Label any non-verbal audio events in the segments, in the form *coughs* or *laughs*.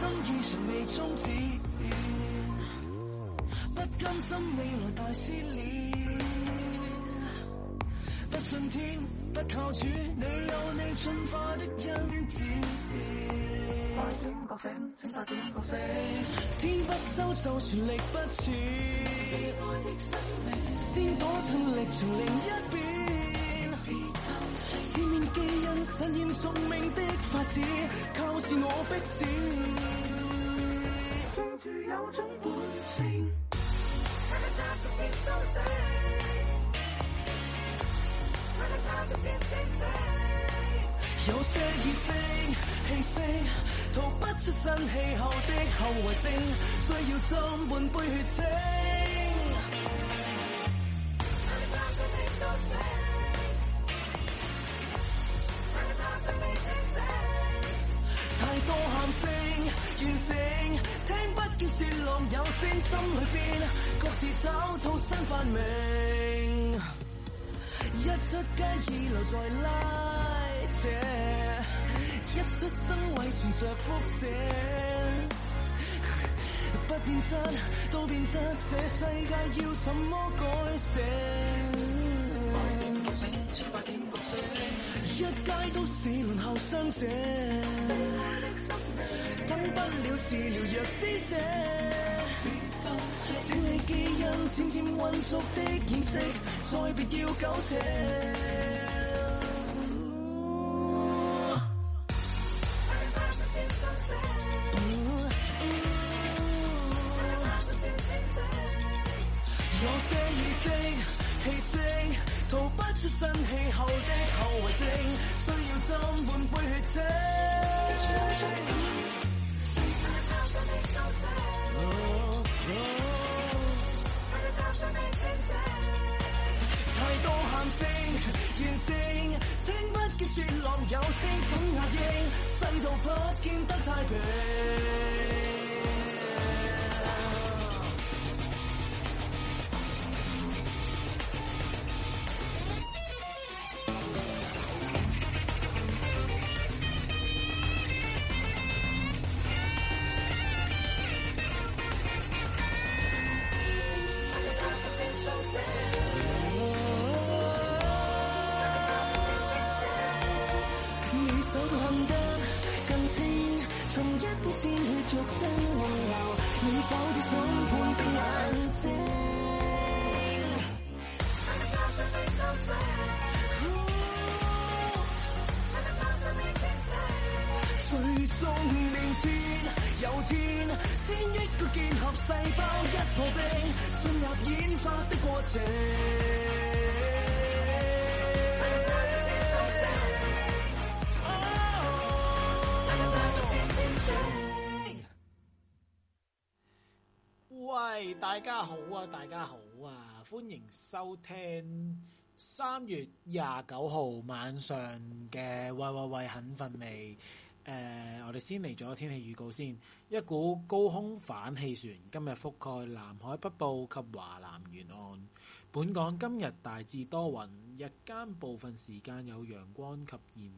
心意尚未終止，不甘心未來大撕裂，不信天，不靠主，你有你進化因子。快天不收就全力不棄先多盡力成另一邊。實驗宿命的法子，靠自我逼死。相處有種本性，看看他逐漸蘇醒，看看他逐漸清醒。有些耳聲、氣息，逃不出身氣候的後遺症，需要斟滿杯血清變質都變質，這世界要怎麼改寫？一街都是輪候傷者，等不了治療藥施捨。整理基因漸漸混濁的意識，再別要苟且。嗯收聽三月廿九號晚上嘅喂喂喂，肯瞓未？誒、呃，我哋先嚟咗天氣預告先。一股高空反氣旋今日覆蓋南海北部及華南沿岸，本港今日大致多雲，日間部分時間有陽光及炎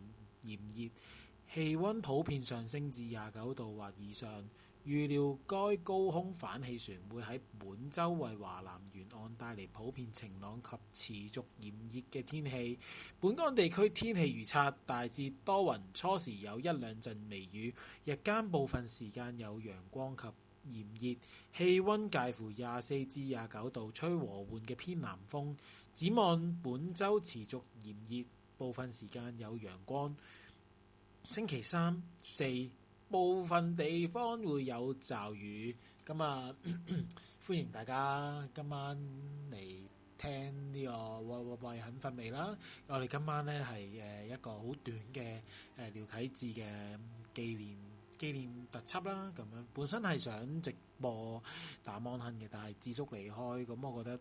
炎熱，氣溫普遍上升至廿九度或以上。預料該高空反氣旋會喺本周為華南沿岸帶嚟普遍晴朗及持續炎熱嘅天氣。本港地區天氣預測，大致多雲，初時有一兩陣微雨，日間部分時間有陽光及炎熱，氣溫介乎廿四至廿九度，吹和緩嘅偏南風。展望本周持續炎熱，部分時間有陽光。星期三四，部分地方會有驟雨，咁啊咳咳歡迎大家今晚嚟聽、這個、晚呢、呃、個喂，喂、呃，喂，肯瞓未啦！我哋今晚咧係誒一個好短嘅誒廖啟智嘅紀念紀念特輯啦，咁樣本身係想直播打網恨嘅，但係智叔離開，咁我覺得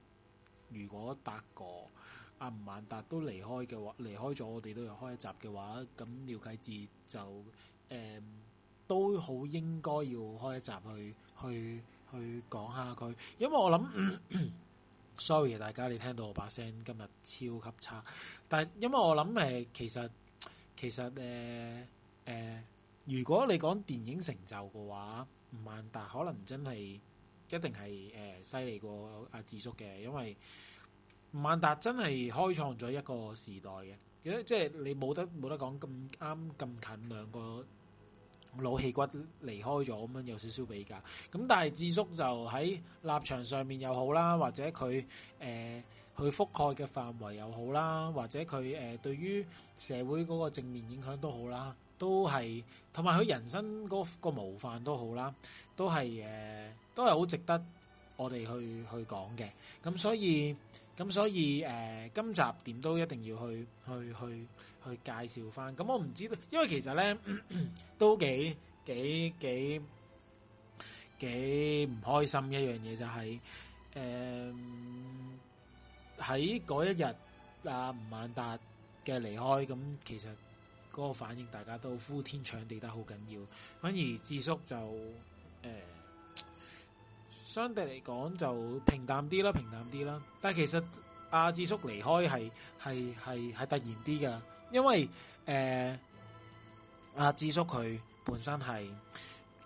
如果達哥、阿、啊、吳孟達都離開嘅話，離開咗我哋都有開一集嘅話，咁廖啟智就誒。呃都好應該要開一集去去去講下佢，因為我諗，sorry 大家你聽到我把聲今日超級差，但因為我諗，其實其實誒、呃呃、如果你講電影成就嘅話，吳孟達可能真係一定係誒犀利過阿智叔嘅，因為吳孟達真係開創咗一個時代嘅，其實即係你冇得冇得講咁啱咁近兩個。老戲骨離開咗咁樣有少少比較，咁但係智叔就喺立場上面又好啦，或者佢誒佢覆蓋嘅範圍又好啦，或者佢誒對於社會嗰個正面影響都好啦，都係同埋佢人生嗰個模範都好啦，都係誒都係好值得我哋去去講嘅，咁所以咁所以誒今集點都一定要去去去。去介紹翻，咁我唔知道，因為其實咧都幾幾幾幾唔開心一樣嘢，就是，就係誒喺嗰一日阿吳孟達嘅離開，咁其實嗰個反應大家都呼天搶地得好緊要，反而智叔就誒、呃、相對嚟講就平淡啲啦，平淡啲啦。但係其實阿、啊、智叔離開係係係係突然啲噶。因為誒阿、呃、智叔佢本身係誒、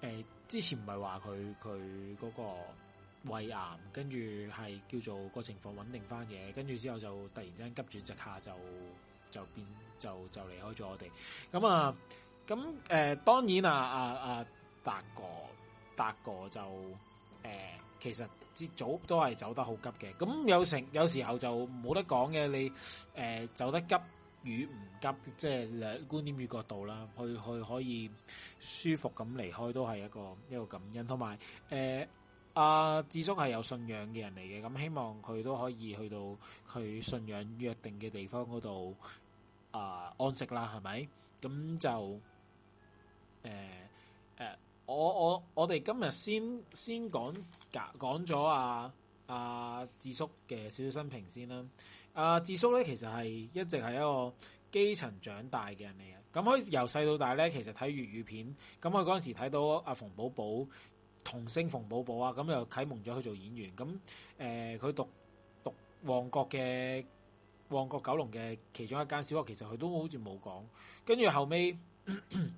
呃、之前唔係話佢佢嗰個胃癌，跟住係叫做個情況穩定翻嘅，跟住之後就突然之間急轉直下就，就變就變就就離開咗我哋。咁、嗯、啊，咁、嗯、誒、嗯嗯嗯，當然啊啊啊達哥達哥就誒、嗯，其實至早都係走得好急嘅。咁、嗯、有成有時候就冇得講嘅，你誒、嗯、走得急。與唔急，即係兩觀點與角度啦，去去可以舒服咁離開，都係一個一個感恩。同埋，誒、呃、啊，智叔係有信仰嘅人嚟嘅，咁希望佢都可以去到佢信仰約定嘅地方嗰度啊安息啦，係咪？咁就誒誒、呃呃，我我我哋今日先先講講咗阿阿智叔嘅小小生平先啦。啊！智叔咧，其實係一直係一個基層長大嘅人嚟嘅。咁可以由細到大咧，其實睇粵語片。咁佢嗰陣時睇到阿、啊、馮寶寶，童星馮寶寶啊，咁又啟蒙咗佢做演員。咁誒，佢、呃、讀讀旺角嘅旺角九龍嘅其中一間小學，其實佢都好似冇講。跟住後尾。咳咳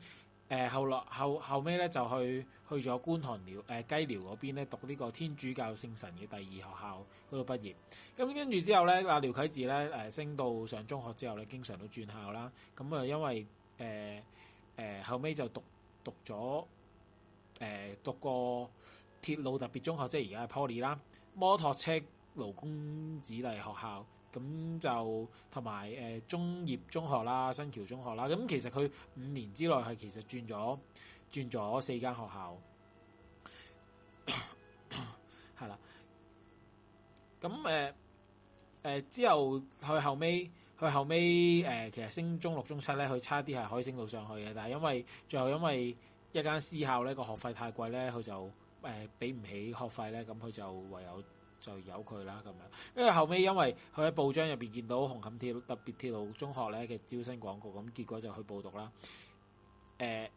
誒、呃、後來後後尾咧就去去咗觀塘寮，誒、呃、雞寮嗰邊咧，讀呢個天主教聖神嘅第二學校嗰度畢業。咁跟住之後咧，話廖啟智咧誒升到上中學之後咧，經常都轉校啦。咁、嗯、啊因為誒誒、呃呃、後尾就讀讀咗誒、呃、讀過鐵路特別中學，即係而家係 Poly 啦，摩托車勞工子弟學校。咁就同埋、呃、中業中學啦、新橋中學啦，咁、嗯、其實佢五年之內係其實轉咗轉咗四間學校，係 *coughs* 啦。咁誒、呃呃、之後，後，佢後尾佢後尾其實升中六中七咧，佢差啲係可以升到上去嘅，但係因為最後因為一間私校咧個學費太貴咧，佢就誒俾唔起學費咧，咁佢就唯有。就由佢啦咁樣，因為後尾，因為佢喺報章入邊見到紅磡鐵路特別鐵路中學咧嘅招生廣告，咁結果就去報讀啦。誒、呃、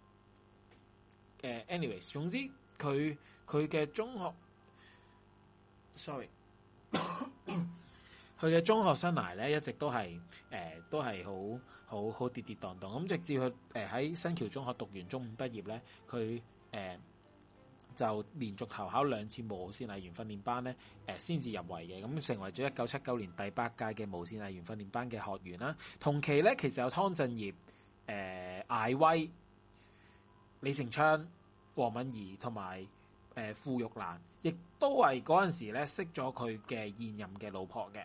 誒、呃、，anyways，總之佢佢嘅中學，sorry，佢嘅 *coughs* 中學生涯咧一直都係誒、呃、都係好好好跌跌蕩蕩咁，直至佢誒喺新橋中學讀完中五畢業咧，佢誒。呃就連續投考考兩次無線藝員訓練班咧，誒先至入圍嘅，咁成為咗一九七九年第八屆嘅無線藝員訓練班嘅學員啦。同期咧，其實有湯鎮業誒、呃、艾威、李成昌、黃敏儀同埋誒傅玉蘭亦都係嗰陣時咧識咗佢嘅現任嘅老婆嘅。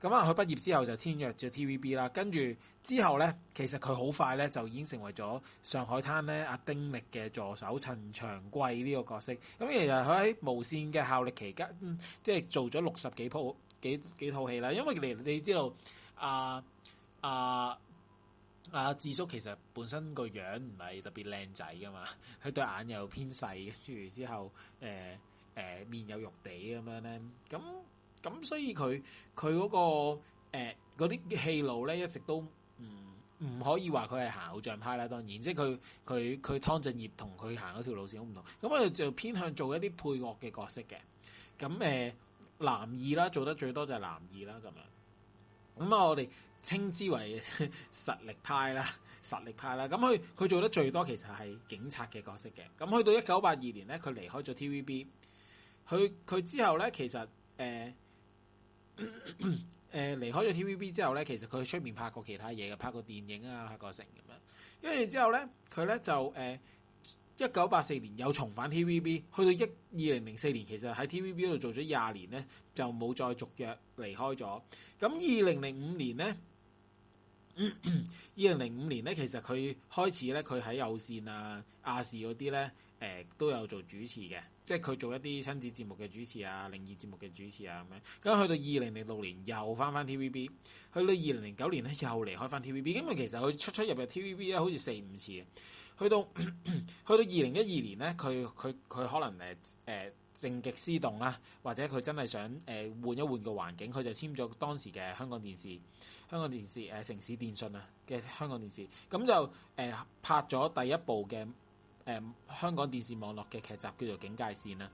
咁啊！佢畢業之後就簽約咗 TVB 啦，跟住之後咧，其實佢好快咧就已經成為咗《上海灘》咧阿丁力嘅助手陳長貴呢個角色。咁其實佢喺無線嘅效力期間，嗯、即係做咗六十幾部幾幾套戲啦。因為你你知道啊啊啊智叔其實本身個樣唔係特別靚仔噶嘛，佢對眼又偏細，跟住之後、呃呃、面有肉地咁樣咧，咁。咁所以佢佢嗰個誒嗰啲戲路咧，一直都唔唔、嗯、可以話佢係行偶像派啦。當然，即係佢佢佢湯鎮業同佢行嗰條路線好唔同。咁佢就偏向做一啲配角嘅角色嘅。咁誒、呃、男二啦，做得最多就係男二啦。咁樣咁啊，我哋稱之為實力派啦，實力派啦。咁佢佢做得最多其實係警察嘅角色嘅。咁去到一九八二年咧，佢離開咗 TVB。佢佢之後咧，其實誒。呃誒，離、 *coughs* 呃、開咗 TVB 之後咧，其實佢出面拍過其他嘢嘅，拍過電影啊，拍過成咁樣。跟住之後咧，佢咧就誒，一九八四年又重返 TVB，去到一二零零四年，其實喺 TVB 度做咗廿年咧，就冇再續約離開咗。咁二零零五年咧，二零零五年咧，其實佢開始咧，佢喺有線啊、亞視嗰啲咧，誒、呃，都有做主持嘅。即係佢做一啲親子節目嘅主持啊，靈異節目嘅主持啊咁樣，咁去到二零零六年又翻翻 TVB，去到二零零九年咧又離開翻 TVB，因為其實佢出出入入 TVB 咧好似四五次，去到咳咳去到二零一二年咧，佢佢佢可能誒誒靜極思動啦、啊，或者佢真係想誒、呃、換一換個環境，佢就簽咗當時嘅香港電視、香港電視誒、呃、城市電訊啊嘅香港電視，咁就誒、呃、拍咗第一部嘅。誒、呃，香港電視網絡嘅劇集叫做《警戒線》啦，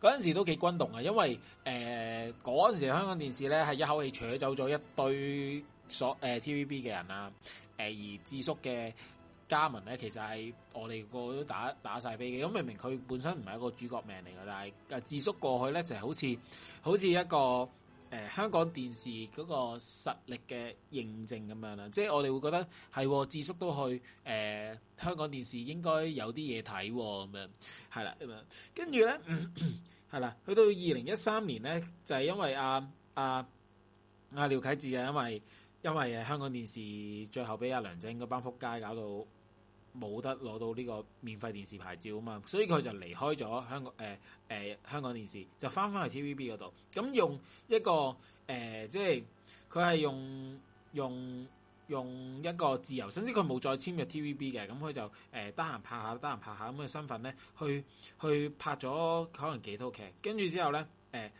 嗰陣時都幾轟動啊，因為誒嗰陣時香港電視咧係一口氣扯走咗一堆所誒 TVB 嘅人啊，誒、呃、而智叔嘅加盟咧，其實係我哋個個都打打晒飛嘅。咁明明佢本身唔係一個主角命嚟嘅，但係誒智叔過去咧就係、是、好似好似一個。誒、呃，香港電視嗰個實力嘅認證咁樣啦，即係我哋會覺得係智叔都去誒、呃，香港電視應該有啲嘢睇咁樣，係啦咁樣，跟住咧係啦，去到二零一三年咧就係、是、因為啊啊阿、啊、廖啟智啊，因為因為誒香港電視最後俾阿梁振英嗰班仆街搞到，冇得攞到呢個免費電視牌照啊嘛，所以佢就離開咗香港誒、呃呃、香港電視，就返返去 TVB 嗰度，咁用一個、呃、即係佢係用用用一個自由，甚至佢冇再簽約 TVB 嘅，咁佢就誒得閒拍下，得閒拍下咁嘅身份咧，去去拍咗可能幾套劇，跟住之後咧誒、呃、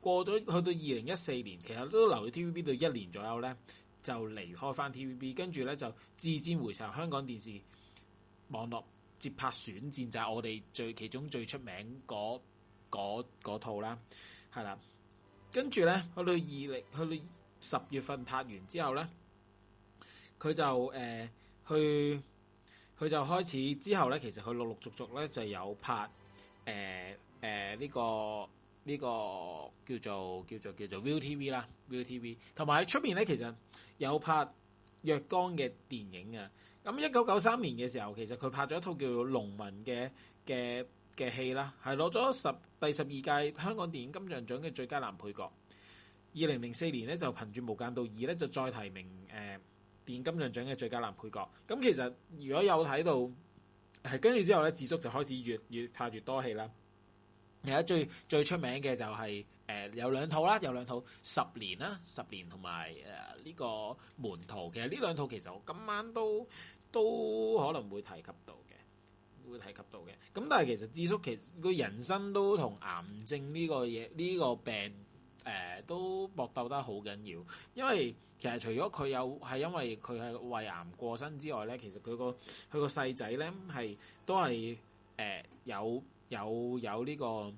過咗去到二零一四年，其實都留喺 TVB 度一年左右咧。就離開返 TVB，跟住咧就自戰回巢香港電視網絡接拍選戰，就係、是、我哋最其中最出名嗰嗰嗰套啦，係啦。跟住咧去到二零，去到十月份拍完之後咧，佢就誒去，佢、呃、就開始之後咧，其實佢陸陸續續咧就有拍誒誒呢個。呢、個叫做叫做叫做 ViuTV 啦，ViuTV，同埋喺出面咧，其實有拍若干嘅電影啊。咁一九九三年嘅時候，其實佢拍咗一套叫做龍文的《籠民》嘅嘅嘅戲啦，係攞咗十第十二屆香港電影金像獎嘅最佳男配角。二零零四年咧，就憑住《無間道二》咧，就再提名誒、呃、電影金像獎嘅最佳男配角。咁其實如果有睇到，係跟住之後咧，智叔就開始越越，越拍越多戲啦。而家最最出名嘅就係、是、誒、呃、有兩套啦，有兩套十年啦，十年同埋誒、呢個門徒。其實呢兩套其實我今晚都都可能會提及到嘅，會提及到嘅。咁但係其實智叔其實佢人生都同癌症呢、這個嘢呢、這個病誒、呃、都搏鬥得好緊要，因為其實除咗佢有係因為佢係胃癌過身之外咧，其實佢個佢個細仔咧係都係誒、呃、有。有有呢個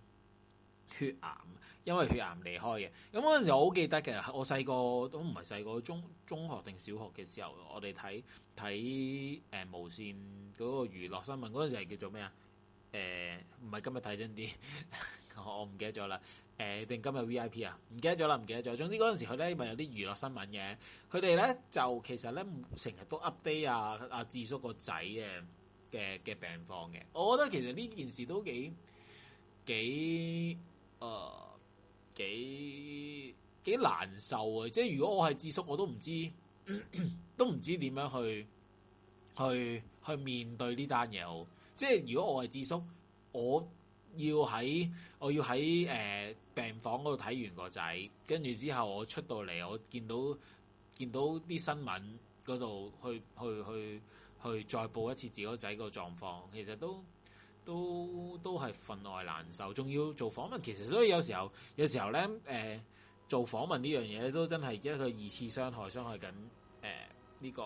血癌，因為血癌離開嘅。咁嗰陣時我好記得嘅，我細個都唔係細個，中中學定小學嘅時候，我哋睇睇誒無線嗰個娛樂新聞嗰陣時係叫做咩啊？誒唔係今日睇真啲，我我唔記得咗啦。誒定今日 V I P 啊？唔記得咗啦，唔記得咗。總之嗰陣時佢咧咪有啲娛樂新聞嘅，佢哋咧就其實咧成日都 update 啊啊智叔個仔嘅。嘅嘅病房嘅，我覺得其實呢件事都幾幾誒幾幾難受啊。即係如果我係智叔，我都唔知咳咳都唔知點樣去去去面對呢單嘢。即係如果我係智叔，我要喺我要喺誒、呃、病房嗰度睇完個仔，跟住之後我出到嚟，我見到見到啲新聞嗰度去去去。去去去再報一次自己個仔個狀況，其實都都都係分外難受，仲要做訪問，其實所以有時候有時候咧，誒、呃、做訪問呢樣嘢咧，都真係一個二次傷害，傷害緊誒呢個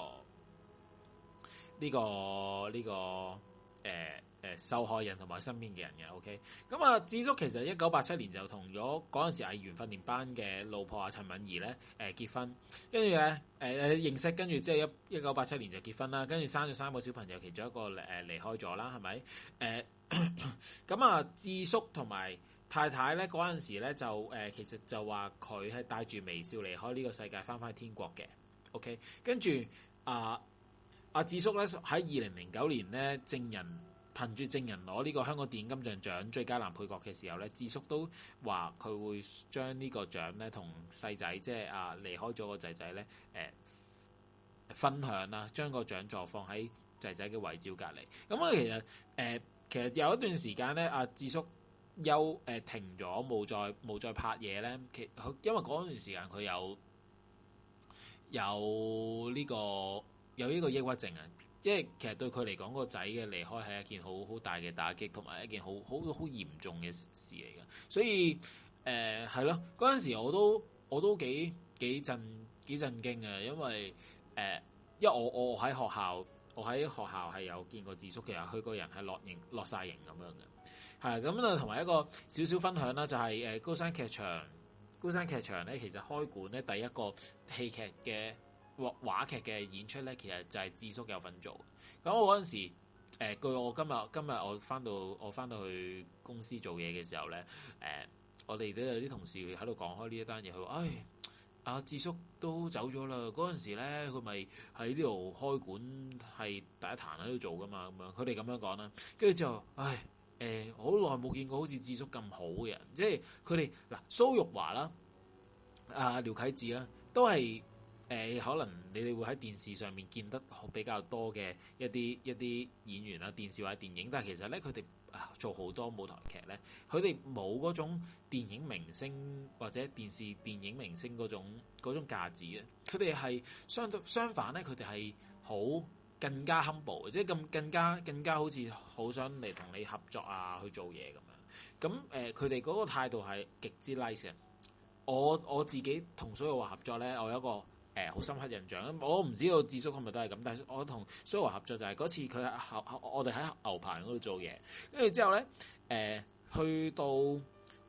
呢、呢個呢、呢個誒。呃受害人同埋身邊嘅人嘅，OK，咁啊，智叔其實一九八七年就同咗嗰陣時藝員訓練班嘅老婆阿陳敏兒咧、呃、結婚，跟住咧誒認識，跟住即係一一九八七年就結婚啦，跟住生咗三個小朋友，其中一個誒、呃、離開咗啦，係咪？咁、呃呃 OK? 呃、啊，智叔同埋太太咧嗰陣時咧就其實就話佢係帶住微笑離開呢個世界，翻返天國嘅，OK，跟住阿阿智叔咧喺二零零九年咧證人。憑住證人攞呢個香港電影金像獎最佳男配角嘅時候咧，智叔都話佢會將呢個獎咧同細仔，即係啊離開咗個仔仔咧，誒、呃、分享啦，將個獎座放喺仔仔嘅遺照隔離。咁、嗯、啊，其實誒、呃、其實有一段時間咧，阿智叔休誒、呃、停咗，冇再冇再拍嘢咧。其因為嗰段時間佢有有呢、這個有呢個抑鬱症啊。因為其實對佢嚟講，個仔嘅離開係一件好好大嘅打擊，同埋一件好好好嚴重嘅事嚟嘅。所以誒，係、呃、咯，嗰陣時候我都我都幾幾震幾震驚嘅，因為誒、呃，因為我我喺學校，我喺學校係有見過智叔，其實佢個人係落形落曬形咁樣嘅，係咁啊，同埋一個少少分享啦，就係、是、誒高山劇場，高山劇場咧其實開館咧第一個戲劇嘅。話話劇嘅演出咧，其實就係智叔有份做。咁我嗰陣時候，誒、呃，據我今日今日我翻到我翻到去公司做嘢嘅時候咧，誒、呃，我哋都有啲同事喺度講開呢一單嘢，佢話：唉，阿、啊、智叔都走咗啦。嗰陣時咧，佢咪喺呢度開館，係第一壇喺度做噶嘛。咁樣，佢哋咁樣講啦。跟住之後，唉，誒、呃，好耐冇見過好似智叔咁好嘅人。即係佢哋嗱蘇玉華啦，阿、啊、廖啟智啦，都係。誒、呃、可能你哋會喺電視上面見得比較多嘅一啲一啲演員啊，電視或者電影，但其實咧，佢哋、呃、做好多舞台劇咧，佢哋冇嗰種電影明星或者電視電影明星嗰種嗰種價值啊。佢哋係相對相反咧，佢哋係好更加 humble，即係咁更加更加好似好想嚟同你合作啊，去做嘢咁樣。咁佢哋嗰個態度係極之 nice、like、我我自己同所有話合作咧，我有一個。誒、呃、好深刻印象，我唔知道智叔係咪都係咁，但係我同蘇華合作就係、是、嗰次佢合我哋喺牛棚嗰度做嘢，跟住之後咧誒、呃、去到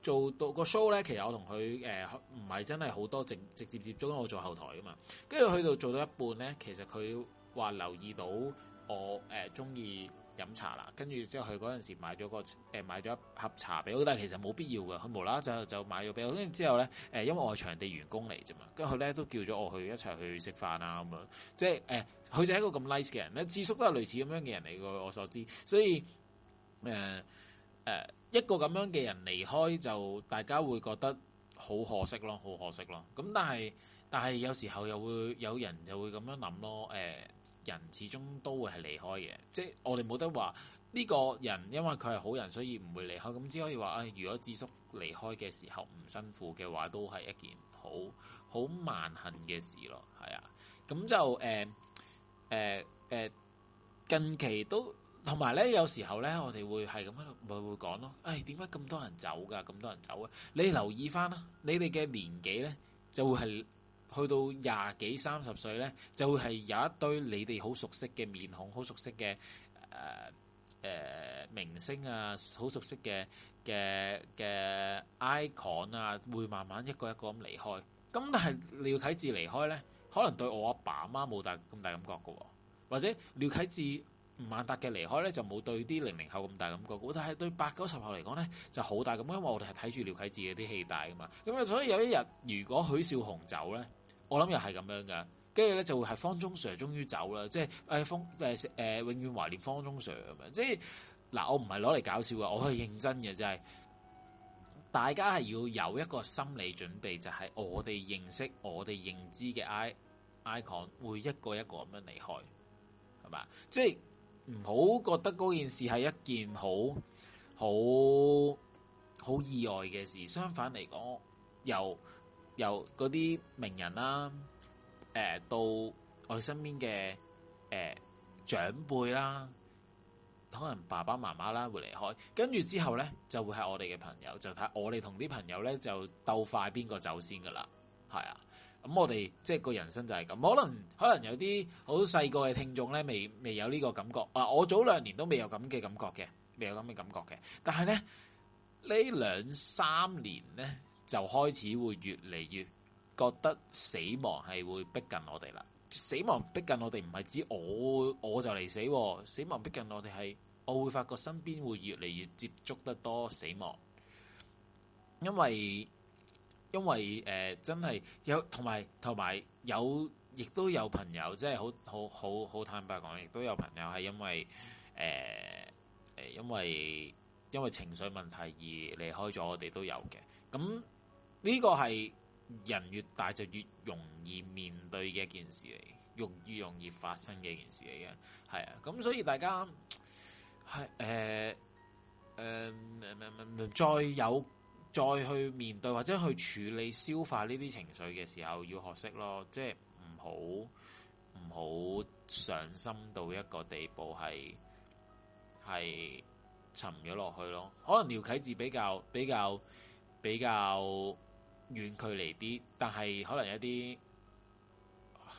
做到個 show 咧，其實我同佢誒唔係真係好多直直接接觸，我做後台噶嘛，跟住去到做到一半咧，其實佢話留意到我誒中意呃飲茶啦，跟住之後佢嗰陣時買咗個買咗一盒茶俾我，但係其實冇必要嘅，佢無啦啦就就買咗俾我。跟住之後咧，因為我係場地員工嚟啫嘛，跟住佢咧都叫咗我去一齊去食飯啊咁樣，即係佢、呃、就係一個咁 nice 嘅人咧，智叔都係類似咁樣嘅人嚟嘅我所知，所以誒、呃呃、一個咁樣嘅人離開就大家會覺得好可惜咯，好可惜咯。咁但係但係有時候又會有人就會咁樣諗咯，呃人始終都會係離開嘅，即係我哋冇得話呢個人，因為佢係好人，所以唔會離開。咁只可以話，誒、哎，如果智叔離開嘅時候唔辛苦嘅話，都係一件好好萬幸嘅事咯。係啊，咁就誒誒誒，近期都同埋咧，有時候咧，我哋會係咁樣咪會講咯。誒、哎，點解咁多人走㗎？咁多人走啊？你留意翻啦，你哋嘅年紀咧就會係。去到廿幾三十歲咧，就會係有一堆你哋好熟悉嘅面孔，好熟悉嘅、呃呃、明星啊，好熟悉嘅嘅嘅 icon 啊，會慢慢一個一個咁離開。咁但係廖啟智離開咧，可能對我阿爸阿媽冇大咁大感覺㗎喎，或者廖啟智吳孟達嘅離開咧，就冇對啲零零後咁大感覺。但係對八九十後嚟講咧就好大咁，因為我哋係睇住廖啟智嘅啲戲大㗎嘛。咁啊，所以有一日如果許紹雄走咧，我諗又係咁樣噶，跟住咧就會係方中 Sir 終於走啦，即係誒、哎、方誒、哎、永遠懷念方中 Sir 咁樣，即係嗱我唔係攞嚟搞笑啊，我係認真嘅，即、就、係、是、大家係要有一個心理準備，就係、是、我哋認識我哋認知嘅 i icon 會一個一個咁樣離開，係嘛？即係唔好覺得嗰件事係一件好好好意外嘅事，相反嚟講又。由嗰啲名人啦、啊，誒、呃，到我哋身邊嘅誒長輩啦、啊，可能爸爸媽媽啦會離開，跟住之後咧就會係我哋嘅朋友，就睇我哋同啲朋友咧就鬥快邊個走先噶啦，係啊，咁我哋即係個人生就係咁，可能可能有啲好細個嘅聽眾咧未未有呢個感覺，啊，我早兩年都未有咁嘅感覺嘅，未有咁嘅感覺嘅，但係咧呢兩三年咧。就開始會越嚟越覺得死亡係會逼近我哋啦。死亡逼近我哋，唔係指我我就嚟死、啊，死亡逼近我哋係，我會發覺身邊會越嚟越接觸得多死亡。因為因為、呃、真係有同埋同埋有，亦都有朋友，即係好好好好坦白講，亦都有朋友係因為、呃、因為因為情緒問題而離開咗我哋都有嘅。咁呢個係人越大就越容易面對嘅一件事嚟，越越容易發生嘅一件事嚟嘅，係啊。咁所以大家係誒誒，再有再去面對或者去處理消化呢啲情緒嘅時候，要學識咯，即係唔好唔好上心到一個地步係，係係沉咗落去咯。可能廖啟智比較比較比較。比較比較遠距離啲，但係可能一啲誒、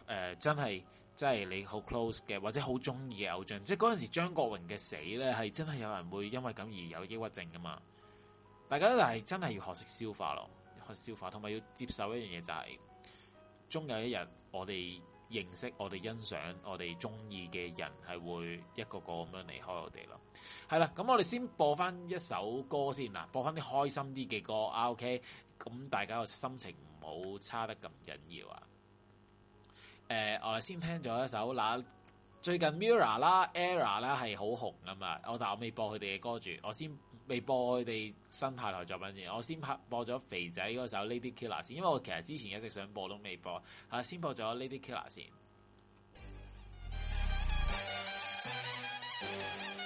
呃，真係真係你好 close 嘅，或者好中意嘅偶像，即係嗰陣時張國榮嘅死呢，係真係有人會因為咁而有抑鬱症噶嘛？大家都係真係要學識消化咯，學消化，同埋要接受一樣嘢，就是，就係終有一日，我哋認識、我哋欣賞、我哋中意嘅人，係會一個個咁樣離開我哋咯。係啦，咁我哋先播翻一首歌先啦，播翻啲開心啲嘅歌。OK。咁大家個心情唔好差得咁緊要啊！誒、呃，我哋先聽咗一首嗱，最近 Mirror 啦、Error 啦係好紅㗎嘛。我但我未播佢哋嘅歌住，我先未播佢哋新派台作品先，我先拍播咗肥仔嗰首《Lady Killer》先，因為我其實之前一直想播都未播，啊，先播咗《Lady Killer》先。 *music*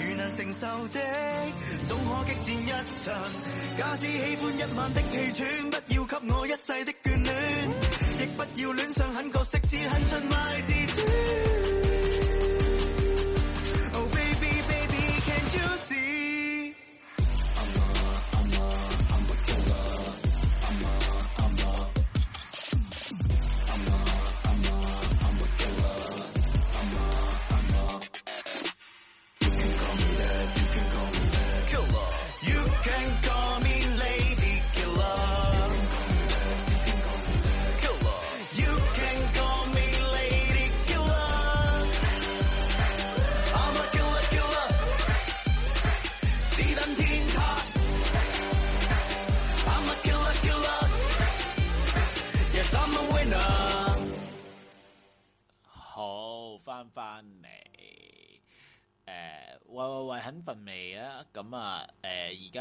如能承受的，總可激戰一場。假使喜歡一晚的氣喘，不要給我一世的眷戀，亦不要戀上狠角色，只恨出賣自尊。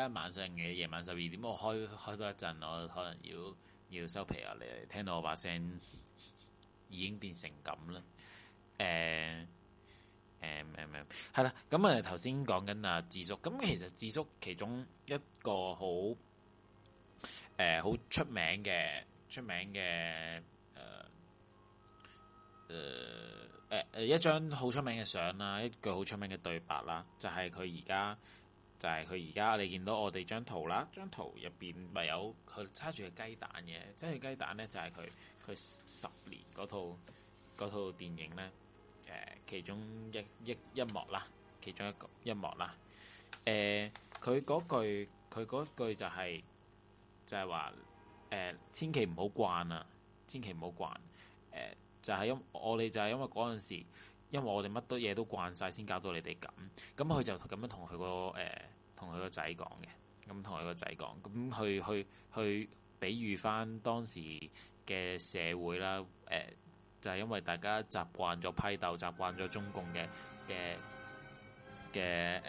一晚上嘅夜晚十二點，我開開多一陣，我可能要要收皮啊！你聽到我把聲已經變成咁啦。誒誒咩係啦。咁啊頭先講緊啊智叔，咁、嗯、其實智叔其中一個好誒好出名嘅出名嘅誒誒誒一張好出名嘅相啦，一句好出名嘅對白啦，就係佢而家。就係佢而家你見到我哋張圖啦，張圖入邊咪有佢揸住嘅雞蛋嘅，即係雞蛋咧就係佢佢十年嗰套嗰套電影咧誒、呃、其中一一一幕啦，其中一個一幕啦，誒佢嗰句佢嗰句就係、是、就係話誒千祈唔好慣啊，千祈唔好慣誒就係因我哋就係因為嗰陣時。因為我哋乜都嘢都慣晒，先搞到你哋咁。咁佢就咁樣同佢個誒，同佢個仔講嘅。咁同佢個仔講，咁去去去比喻返當時嘅社會啦。誒、呃，就係、是、因為大家習慣咗批鬥，習慣咗中共嘅嘅嘅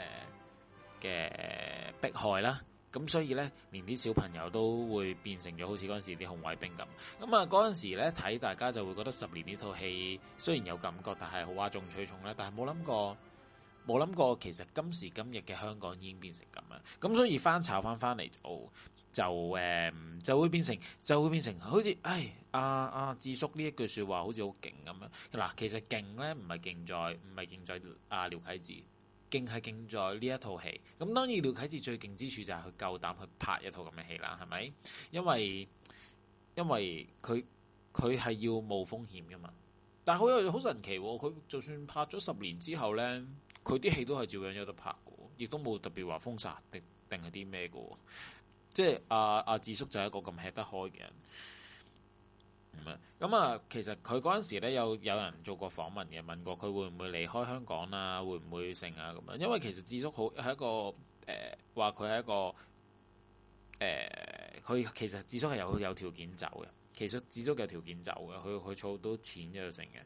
誒嘅迫害啦。咁所以呢，連啲小朋友都會變成咗好似嗰陣時啲紅衞兵咁。咁啊，嗰陣時呢睇大家就會覺得十年呢套戲雖然有感覺，但係好嘩眾取寵呢，但係冇諗過，冇諗過其實今時今日嘅香港已經變成咁樣。咁所以翻炒翻翻嚟就就、嗯、就會變成就會變成好似唉阿阿、啊啊、智叔呢一句說話好似好勁咁樣嗱，其實勁呢唔係勁在唔係勁在阿、啊、廖啟智。勁係勁在呢一套戲，咁當然廖啟智最勁之處就係佢夠膽去拍一套咁嘅戲啦，係咪？因為因為佢佢係要冒風險噶嘛，但係好又好神奇、哦，佢就算拍咗十年之後咧，佢啲戲都係照樣喺度拍嘅，亦都冇特別話封殺定定係啲咩喎。即係阿阿智叔就係一個咁吃得開嘅人。咁、嗯、啊、嗯，其實佢嗰陣時咧，有有人做過訪問嘅，問過佢會唔會離開香港啊？會唔會成啊？咁啊，因為其實智叔好係一個誒，話佢係一個誒，佢、呃、其實智叔係有有條件走嘅。其實智叔有條件走嘅，佢佢儲到錢咗成嘅。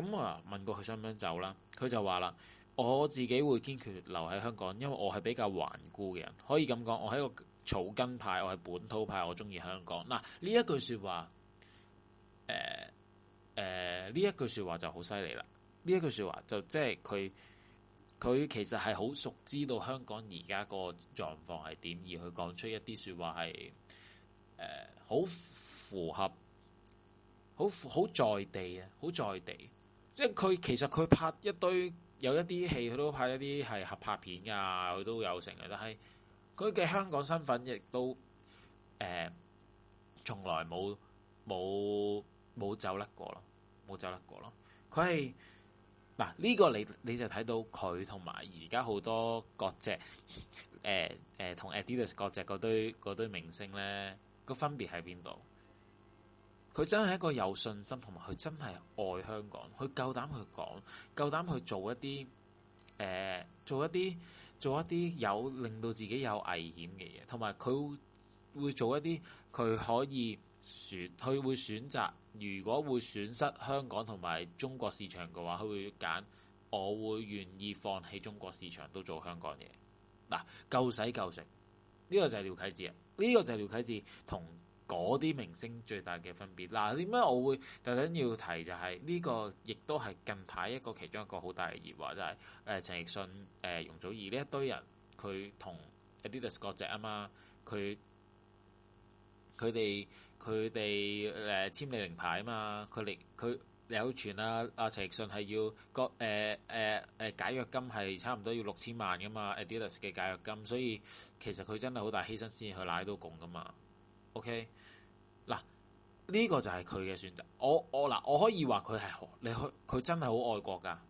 咁啊、嗯嗯，問過佢想唔想走啦？佢就話啦，我自己會堅決留喺香港，因為我係比較頑固嘅人，可以咁講，我係一個草根派，我係本土派，我中意香港嗱。呢、嗯、一句説話。誒、呃、誒、呢、呃、一句說話就好犀利啦！呢一句說話就即係佢，佢其實係好熟知到香港而家個狀況係點，而佢講出一啲說話係誒好符合，好好在地啊，好在地。即係佢其實佢拍一堆有一啲戲，佢都拍一啲係合拍片噶，佢都有成嘅。但係佢嘅香港身份亦都誒、呃，從來冇冇。冇走甩過咯，冇走甩過咯。佢係嗱，呢個你你就睇到佢，同埋而家好多國籍，誒誒同 Adidas 國籍嗰堆堆明星咧，個分別喺邊度？佢真係一個有信心，同埋佢真係愛香港，佢夠膽去講，夠膽去做一啲誒、呃、做一啲做一啲有令到自己有危險嘅嘢，同埋佢會做一啲佢可以。選佢會選擇，如果會損失香港同埋中國市場嘅話，佢會揀我會願意放棄中國市場都做香港嘢。嗱、啊，夠使夠食，呢、這個就係廖啟智啊，呢、這個就係廖啟智同嗰啲明星最大嘅分別。嗱、啊，點解我會特登要提就係、是、呢、這個，亦都係近排一個其中一個好大嘅熱話，就係誒陳奕迅、誒、呃、容祖兒呢一堆人，佢同 Adidas 國際啊嘛，佢佢哋。佢哋誒簽你名牌啊嘛，佢哋，佢有傳啊，阿陳奕迅係要個誒誒誒解約金係差唔多要六千萬噶嘛，Adidas 嘅解約金，所以其實佢真係好大犧牲先去攬到共噶嘛。OK，嗱呢個就係佢嘅選擇。我我嗱我可以話佢係你去佢真係好愛國噶，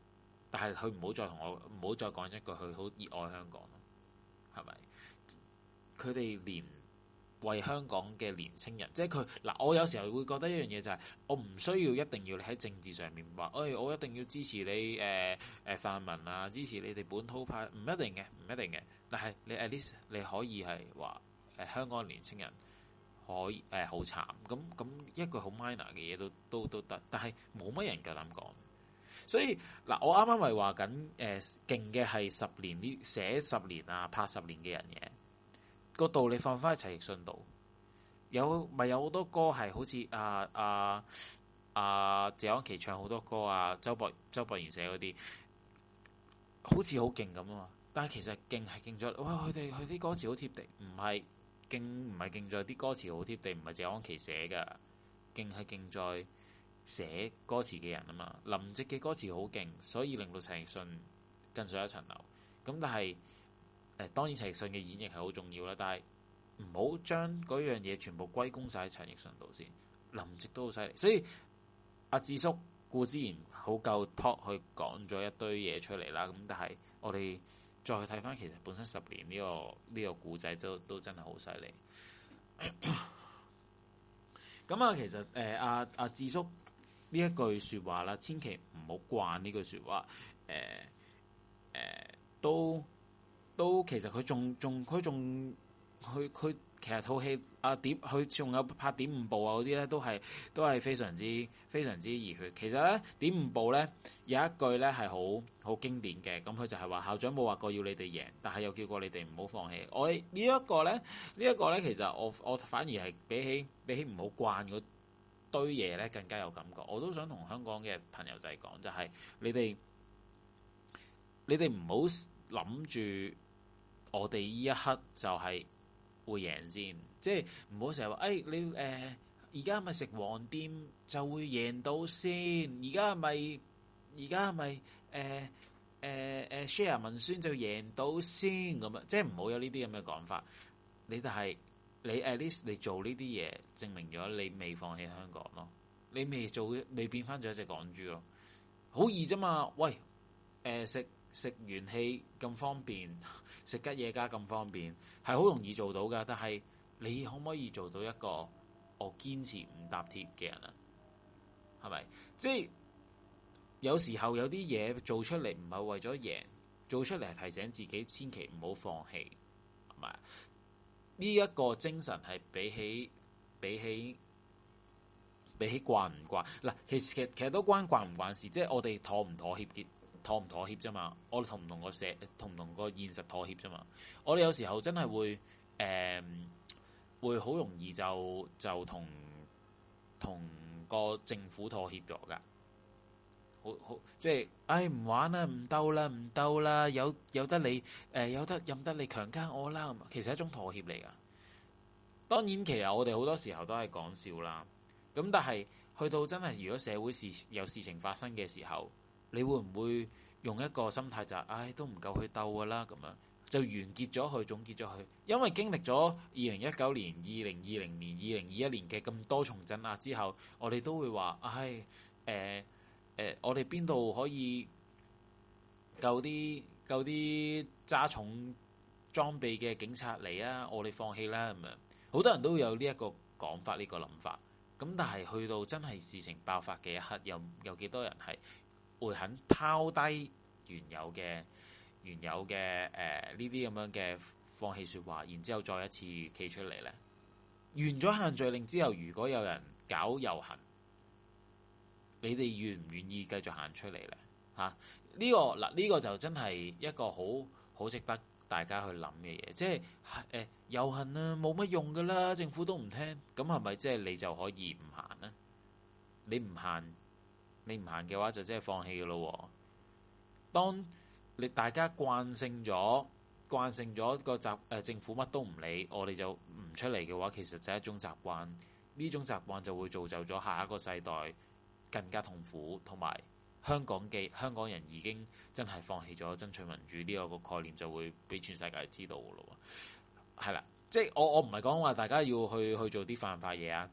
但係佢唔好再同我唔好再講一句佢好熱愛香港咯，係咪？佢哋連。為香港嘅年青人，即係佢嗱，我有時候會覺得一樣嘢就係、是，我唔需要一定要你喺政治上面話，誒、哎，我一定要支持你誒誒、呃、泛民啊，支持你哋本土派，唔一定嘅，唔一定嘅。但係你 at least，你可以係話，誒、呃，香港年青人可以好、呃、慘，咁咁一句好 minor 嘅嘢都都都得，但係冇乜人夠膽講。所以嗱，我啱啱咪話緊，誒、呃，勁嘅係十年啲寫十年啊，拍十年嘅人嘅。個道理放翻喺陳奕迅度，有咪有好多歌係好似啊啊啊謝安琪唱好多歌啊，周博周博賢寫嗰啲，好似好勁咁啊！但係其實勁係勁在哇，佢哋佢啲歌詞好貼地，唔係勁唔係勁在啲歌詞好貼地，唔係謝安琪寫㗎，勁係勁在寫歌詞嘅人啊嘛。林夕嘅歌詞好勁，所以令到陳奕迅更上一層樓。咁但係。誒、呃、當然陳奕迅嘅演繹係好重要啦，但係唔好將嗰樣嘢全部歸功晒喺陳奕迅度先。林夕都好犀利，所以阿、啊、智叔顧之然好夠 talk 去講咗一堆嘢出嚟啦。咁但係我哋再去睇返，其實本身十年呢、呢個呢、呢個故仔都都真係好犀利。咁 *coughs* 啊，其實誒阿阿智叔呢一句説話啦，千祈唔好慣呢句説話。誒、呃、誒、呃、都。都其實佢仲仲佢仲佢佢其實套戲啊點佢仲有拍點五步啊嗰啲咧都係都係非常之非常之熱血。其實咧點五步咧有一句咧係好好經典嘅，咁佢就係話校長冇話過要你哋贏，但係又叫過你哋唔好放棄。我呢一個咧呢一個咧其實我我反而係比起比起唔好慣嗰堆嘢咧更加有感覺。我都想同香港嘅朋友仔講就係你哋你哋唔好諗住。我哋依一刻就係會贏先，即係唔好成日話，誒、哎、你誒而家咪食黃店就會贏到先，而家咪而家咪誒誒誒 share 文宣就贏到先，咁啊，即係唔好有呢啲咁嘅講法。你但係你誒呢，你，你做呢啲嘢，證明咗你未放棄香港咯，你未做，未變翻咗一隻港豬咯，好易啫嘛，喂，誒、呃、食。食元氣咁方便，食吉野家咁方便，係好容易做到噶。但係你可唔可以做到一個我堅持唔搭鐵嘅人啊？係咪？即係有時候有啲嘢做出嚟唔係為咗贏，做出嚟提醒自己千祈唔好放棄。係嘛？呢一個精神係比起比起比起慣唔慣嗱，其實其實其實都關慣唔慣事，即係我哋妥唔妥協嘅。.妥唔妥協啫嘛？我哋同唔同個社，同唔同個現實妥協啫嘛？我哋有時候真係會，誒、呃，會好容易就就同同個政府妥協咗噶，好好即係、就是，哎唔玩啦，唔鬥啦，唔鬥啦，有有得你，誒有得任得，得你強姦我啦，其實係一種妥協嚟噶。當然，其實我哋好多時候都係講笑啦。咁但係去到真係，如果社會事有事情發生嘅時候，你會唔會用一個心態就唉、哎、都唔夠去鬥噶啦？咁樣就完結咗去，總結咗佢。因為經歷咗二零一九年、二零二零年、二零二一年嘅咁多重鎮壓之後，我哋都會話唉，誒、哎呃呃呃、我哋邊度可以救啲救啲揸重裝備嘅警察嚟啊？我哋放棄啦咁樣。好多人都有呢一個講法，呢、呢個諗法。咁但係去到真係事情爆發嘅一刻，有有幾多人係？會肯拋低原有嘅、原有嘅、誒呢啲咁樣嘅放棄說話，然之後再一次企出嚟呢。完咗限聚令之後，如果有人搞遊行，你哋願唔願意繼續行出嚟咧？吓、啊，呢個嗱，呢個就真係一個好好值得大家去諗嘅嘢，即係誒遊行啊冇乜用噶啦，政府都唔聽，咁係咪即係你就可以唔行呢？你唔行？你唔行嘅話，就即係放棄噶咯。當你大家慣性咗、慣性咗個習誒政府乜都唔理，我哋就唔出嚟嘅話，其實就係一種習慣。呢種習慣就會造就咗下一個世代更加痛苦，同埋香港嘅香港人已經真係放棄咗爭取民主呢個個概念，就會俾全世界知道噶咯。係啦，即係我我唔係講話大家要去去做啲犯法嘢啊。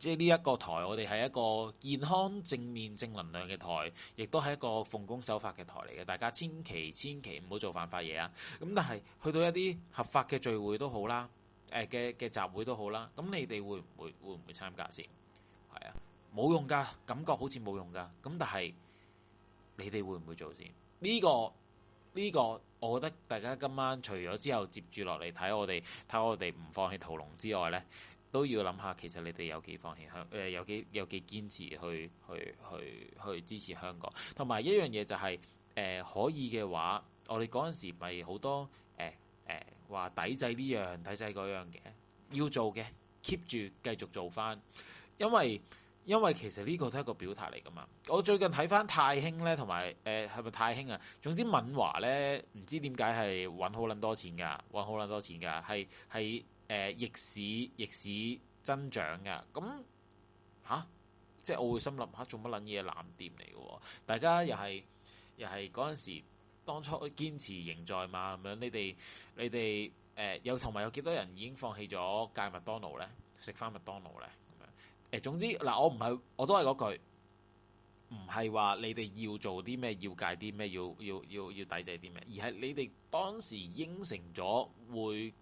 即係呢一個台，我哋係一個健康正面正能量嘅台，亦都係一個奉公守法嘅台嚟嘅。大家千祈千祈唔好做犯法嘢啊！咁但係去到一啲合法嘅聚會都好啦，誒嘅嘅集會都好啦。咁你哋會唔會會唔會參加先？係啊，冇用㗎，感覺好似冇用㗎。咁但係你哋會唔會做先？呢個呢個，呢個，我覺得大家今晚除咗之後接住落嚟睇我哋睇我哋唔放棄屠龍之外咧。都要諗下，其實你哋有幾放棄香誒，有幾有幾堅持去去去去支持香港。同埋一樣嘢就係、是、誒、呃，可以嘅話，我哋嗰陣時咪好多誒誒話抵制呢樣，抵制嗰樣嘅，要做嘅 keep 住繼續做翻，因為因為其實呢個都係一個表態嚟噶嘛。我最近睇翻泰興咧，同埋誒係咪泰興啊？總之敏華咧，唔知點解係搵好捻多錢噶，搵好捻多錢噶，係係。是誒、呃、逆市逆市增長㗎，咁吓、啊，即係我會心諗下、啊，做乜撚嘢藍店嚟嘅？大家又係又係嗰陣時，當初堅持仍在嘛咁樣？你哋你哋誒，又同埋有幾多人已經放棄咗戒麥當勞咧，食翻麥當勞咧？誒、呃，總之嗱、呃，我唔係，我都係嗰句，唔係話你哋要做啲咩，要戒啲咩，要要要要抵制啲咩，而係你哋當時應承咗會。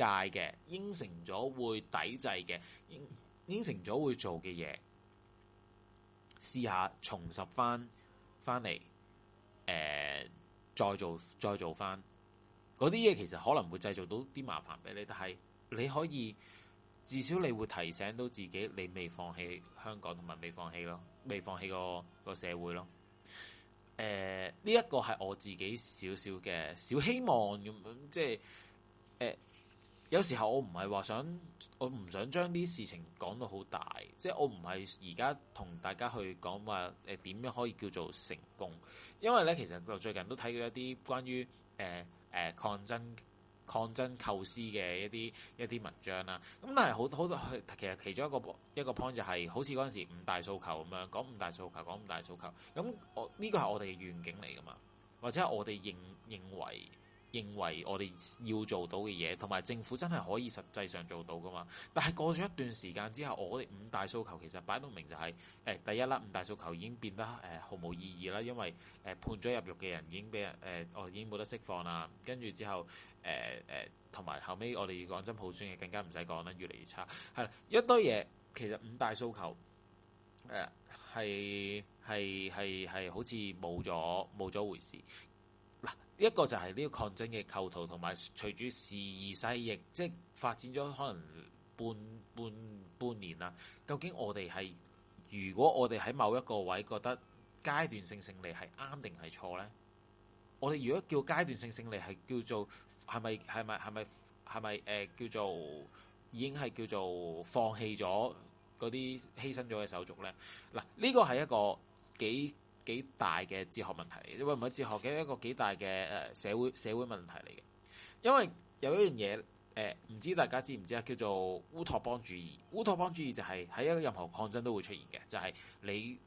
界嘅應承咗會抵制嘅，應應承咗會做嘅嘢，試下重拾翻翻嚟，誒、呃,再做再做翻嗰啲嘢，其實可能會製造到啲麻煩俾你，但係你可以至少你會提醒到自己，你未放棄香港，同埋未放棄咯，未放棄個個社會咯。誒，呢一個係我自己少少嘅小希望咁樣，即係誒。呃有時候我唔係話想，我唔想將啲事情講到好大，即係我唔係而家同大家去講話誒點樣可以叫做成功，因為咧其實就最近都睇到一啲關於誒誒抗爭抗爭構思嘅一啲一啲文章啦。咁但係好好多其實其中一個一個 point 就係好似嗰陣時五大訴求咁樣講五大訴求講五大訴求，咁我呢個係我哋嘅願景嚟噶嘛，或者係我哋認認為。認為我哋要做到嘅嘢，同埋政府真係可以實際上做到噶嘛？但係過咗一段時間之後，我哋五大訴求其實擺到明就係、欸、第一啦，五大訴求已經變得、呃、毫無意義啦，因為誒、呃、判咗入獄嘅人已經俾人哋我已經冇得釋放啦，跟住之後同埋、呃呃、後尾我哋要講真普選嘅更加唔使講啦，越嚟越差，係啦一堆嘢，其實五大訴求係係係好似冇咗冇咗回事。一個就係呢個抗爭嘅構圖，同埋隨住時移世易，即發展咗可能半半半年啦。究竟我哋係如果我哋喺某一個位覺得階段性勝利係啱定係錯呢？我哋如果叫階段性勝利係叫做係咪係咪係咪係咪誒叫做已經係叫做放棄咗嗰啲犧牲咗嘅手續呢嗱，呢個係一個幾幾大嘅哲學問題，因為唔係哲學嘅一個幾大嘅誒社會社會問題嚟嘅，因為有一樣嘢誒，唔、呃、知大家知唔知啊？叫做烏托邦主義。烏托邦主義就係喺一個任何抗爭都會出現嘅，就係、是、你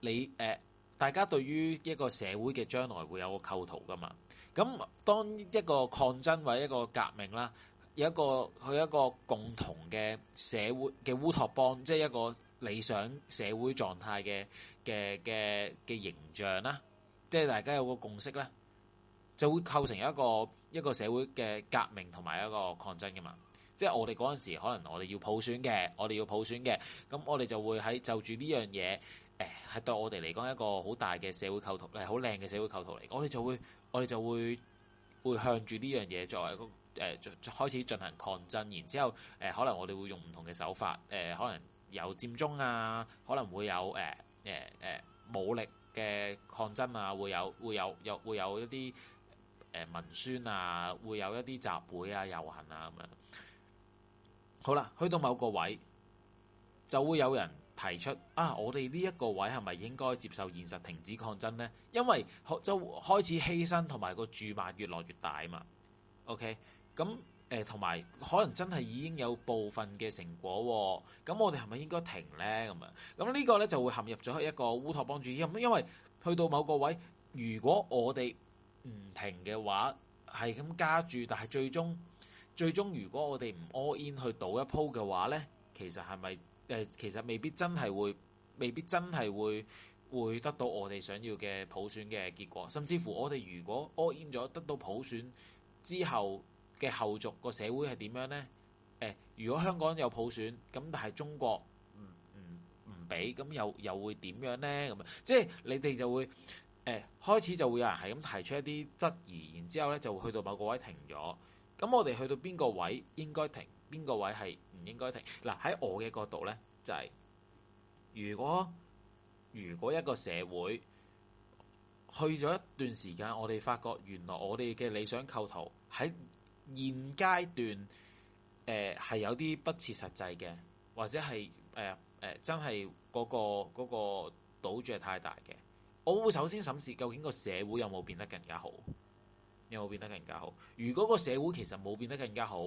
你誒、呃，大家對於一個社會嘅將來會有個構圖噶嘛。咁當一個抗爭或者一個革命啦，有一個佢一個共同嘅社會嘅烏托邦，即、就、係、是、一個。理想社會狀態嘅嘅嘅嘅形象啦，即係大家有個共識啦，就會構成一個一個社會嘅革命同埋一個抗爭噶嘛。即係我哋嗰陣時，可能我哋要普選嘅，我哋要普選嘅，咁我哋就會喺就住呢樣嘢，誒係對我哋嚟講一個好大嘅社會構圖，係好靚嘅社會構圖嚟。我哋就會我哋就會會向住呢樣嘢作為一個誒、呃、開始進行抗爭，然之後誒、呃、可能我哋會用唔同嘅手法，誒、呃、可能。有佔中啊，可能會有誒誒誒武力嘅抗爭啊，會有會有有會有一啲誒文宣啊，會有一啲集會啊，遊行啊咁樣。好啦，去到某個位，就會有人提出啊，我哋呢一個位係咪應該接受現實，停止抗爭呢？因為就開始犧牲同埋個注碼越嚟越大嘛。OK，咁。誒同埋可能真係已經有部分嘅成果喎、哦，咁我哋係咪應該停呢？咁啊，咁呢個呢，就會陷入咗一個烏托邦主義。因為去到某個位，如果我哋唔停嘅話，係咁加注，但係最終最終如果我哋唔 all in 去賭一鋪嘅話呢，其實係咪、呃、其實未必真係會未必真係會會得到我哋想要嘅普選嘅結果。甚至乎我哋如果 all in 咗得到普選之後。嘅後續個社會係點樣呢？誒、呃，如果香港有普選，咁但係中國唔唔唔俾，咁又又會點樣呢？咁啊，即係你哋就會誒、呃、開始就會有人係咁提出一啲質疑，然之後呢就會去到某個位停咗。咁我哋去到邊個位應該停？邊個位係唔應該停？嗱、呃，喺我嘅角度呢，就係、是、如果如果一個社會去咗一段時間，我哋發覺原來我哋嘅理想構圖喺現階段誒係、呃、有啲不切實際嘅，或者係誒誒真係嗰個嗰個賭注太大嘅。我會首先審視究竟個社會有冇變得更加好，有冇變得更加好？如果個社會其實冇變得更加好，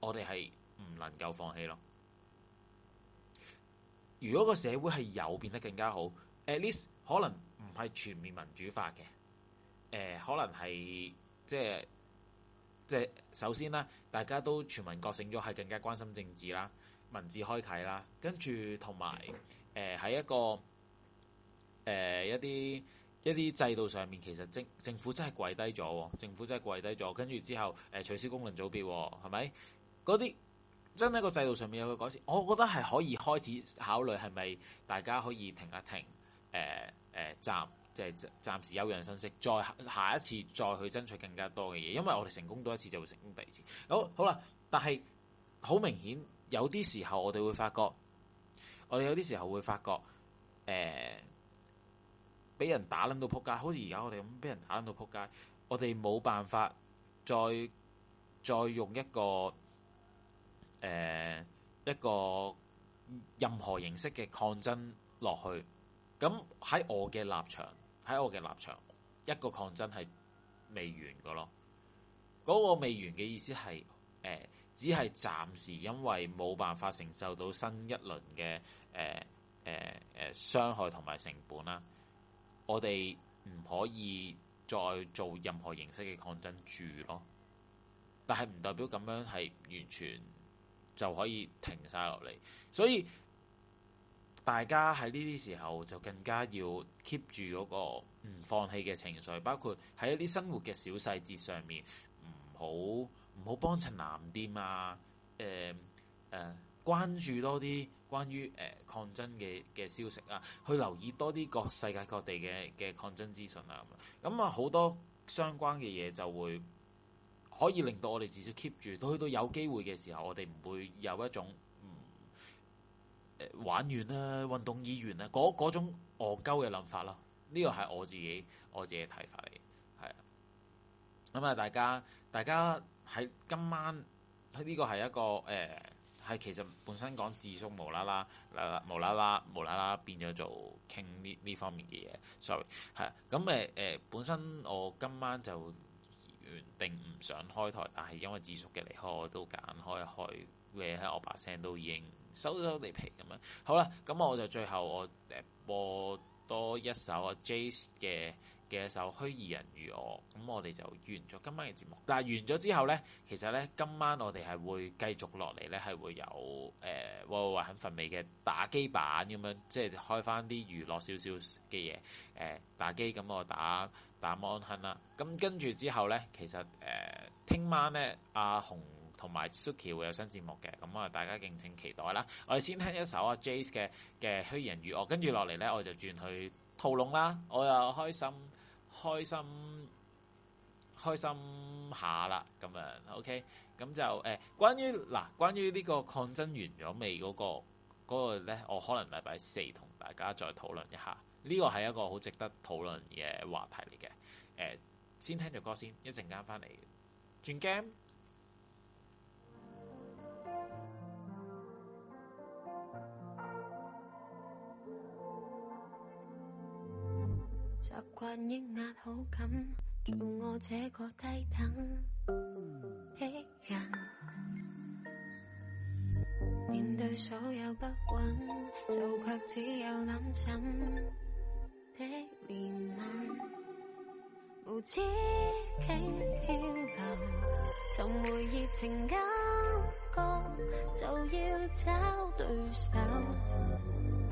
我哋係唔能夠放棄咯。如果個社會係有變得更加好，at least 可能唔係全面民主化嘅，誒、呃、可能係即係。即係首先啦，大家都全民覺醒咗，係更加關心政治啦、民智開啟啦，跟住同埋誒喺一個、呃、一啲一啲制度上面，其實政政府真係跪低咗，政府真係跪低咗，跟住之後誒、呃、取消功能組別，係咪嗰啲真喺個制度上面有個改善？我覺得係可以開始考慮，係咪大家可以停一停誒誒、呃呃即係暫時休養生息，再下一次再去爭取更加多嘅嘢，因為我哋成功咗一次就會成功第二次。好好啦，但係好明顯有啲時候我哋會發覺我哋有啲時候會發覺誒俾、欸、人打撚到扑街，好似而家我哋咁，俾人打撚到扑街，我哋冇辦法再再用一個誒、欸、一個任何形式嘅抗爭落去。咁喺我嘅立場。喺我嘅立場，一個抗爭係未完㗎咯。嗰個未完嘅意思係，誒、呃，只係暫時因為冇辦法承受到新一輪嘅，誒、呃，誒、呃，誒，傷害同埋成本啦。我哋唔可以再做任何形式嘅抗爭住咯。但係唔代表咁樣係完全就可以停晒落嚟，所以。大家喺呢啲時候就更加要 keep 住嗰個唔放棄嘅情緒，包括喺一啲生活嘅小細節上面，唔好唔好幫襯藍店啊，誒、呃、誒、呃，關注多啲關於誒、呃、抗爭嘅嘅消息啊，去留意多啲各世界各地嘅嘅抗爭資訊啊，咁啊，好多相關嘅嘢就會可以令到我哋至少 keep 住，去到有機會嘅時候，我哋唔會有一種。誒玩完啦，運動已完啦，嗰嗰種戇鳩嘅諗法啦，呢個係我自己我自己睇法嚟，係啊。咁、嗯、啊，大家大家喺今晚呢、這個係一個誒係、呃、其實本身講智叔無啦啦啦啦無啦啦無啦啦變咗做傾呢呢方面嘅嘢，sorry 係啊。咁誒誒本身我今晚就原定唔想開台，但係因為智叔嘅離開，我都揀開一開，我把聲都已經。收收地皮咁樣，好啦，咁我就最後我誒、呃、播多一首阿 Jace 嘅嘅一首《虛擬人與我》，咁我哋就完咗今晚嘅節目。但完咗之後咧，其實咧今晚我哋係會繼續落嚟咧，係會有誒喎喎喎乏味嘅打機版咁樣，即係開翻啲娛樂少少嘅嘢打機。咁我打打 Monhun 啦。咁跟住之後咧，其實誒聽、呃、晚咧阿紅，同埋 Suki 會有新節目嘅，咁啊大家敬請期待啦！我哋先聽一首啊 Jace 嘅嘅虛人娛樂，跟住落嚟呢，我就轉去套龍啦，我又開心開心開心下啦，咁啊 OK，咁就誒、呃、關於嗱關於呢個抗爭完咗未嗰、嗰個嗰、嗰個咧，我可能禮拜四同大家再討論一下，呢個係一個好值得討論嘅話題嚟嘅。誒、呃，先聽咗歌先，一陣間翻嚟轉 game。習慣抑壓好感，做我這個低等的人，面對所有不穩，做卻只有攬枕的憐憫， *music* 無止境漂流，尋回熱情感覺，就要找對手。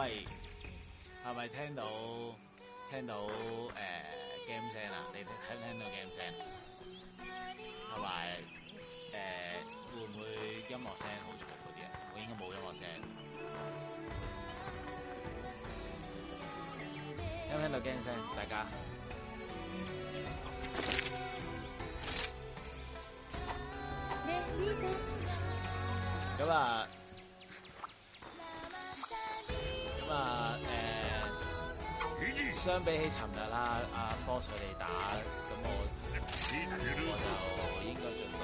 喂，係咪聽到聽到誒 game 聲啊？你聽唔聽到 game 聲？係咪誒，會唔會音樂聲好嘈嗰啲啊？我應該冇音樂聲。聽唔聽到 game 聲？大家。咁啊。咁、嗯、啊，誒、嗯，相比起尋日啊，阿 Boss 佢哋打，咁我我就應該進步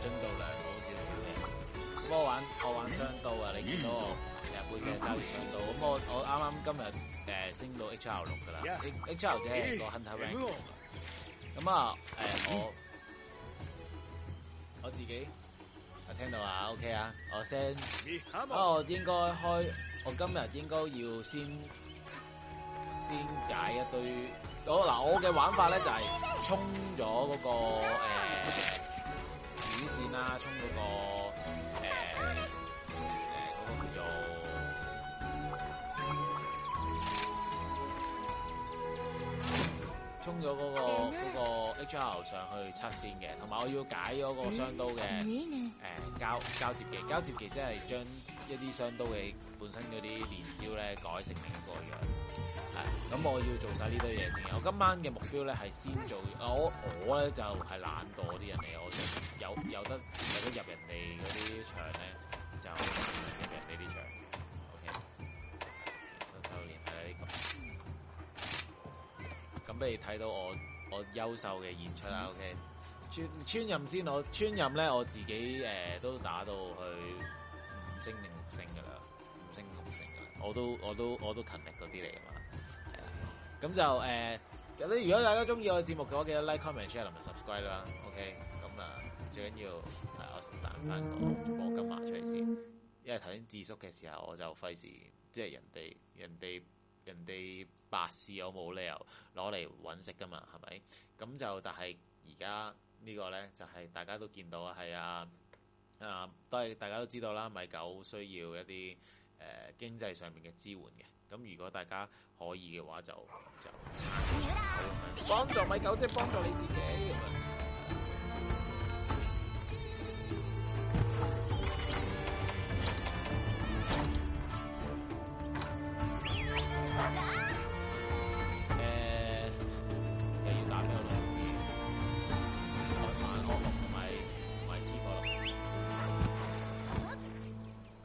進步良好少少嘅。咁我玩我玩雙刀啊，你見到我成日背景揸住雙刀。咁我我啱啱今日誒、嗯、升到 HR6、yeah. H R 六㗎啦，HR 只係一個 hunter rank 咁啊，嗯、我我自己啊聽到啊，OK 啊，我先，我應該開。我今日應該要先先解一堆，嗱我嘅玩法咧就係衝咗嗰個主線啊，衝咗個誒誒嗰個叫做衝咗嗰個個。呃 H R 上去測線嘅，同埋我要解咗個雙刀嘅誒、嗯、交交接技，交接技即係將一啲雙刀嘅本身嗰啲連招咧改成另一個樣。係咁，那我要做晒呢堆嘢先。我今晚嘅目標咧係先做，我我咧就係、是、懶惰啲人嚟，我就有有得，有得入得入人哋嗰啲場咧，就入人哋啲場。O K，修修練睇下呢個。咁畀你睇到我？我優秀嘅演出啦 OK，串串任先我串任咧，我自己誒、呃、都打到去五星定六星噶啦，五星六星噶，我都我都我都勤力嗰啲嚟啊嘛，係啊，咁就誒，嗰、呃、你如果大家中意我嘅節目嘅話，記得 like comment share 同埋 subscribe 啦，OK，咁、嗯、啊最緊要係、嗯、我彈翻個黃金牙出嚟先， *noise* 先，先，因為頭先智叔嘅時候我就費事，即係人哋人哋。人哋白事，有冇理由攞嚟揾食㗎嘛，係咪？咁就但係而家呢個咧，就係、是、大家都見到係啊啊，都係大家都知道啦，米狗需要一啲誒、呃、經濟上面嘅支援嘅。咁如果大家可以嘅話就，就就幫助米狗，即係幫助你自己咁啊。誒、呃，又要打俾我落雨，今晚我唔買買刺客咯。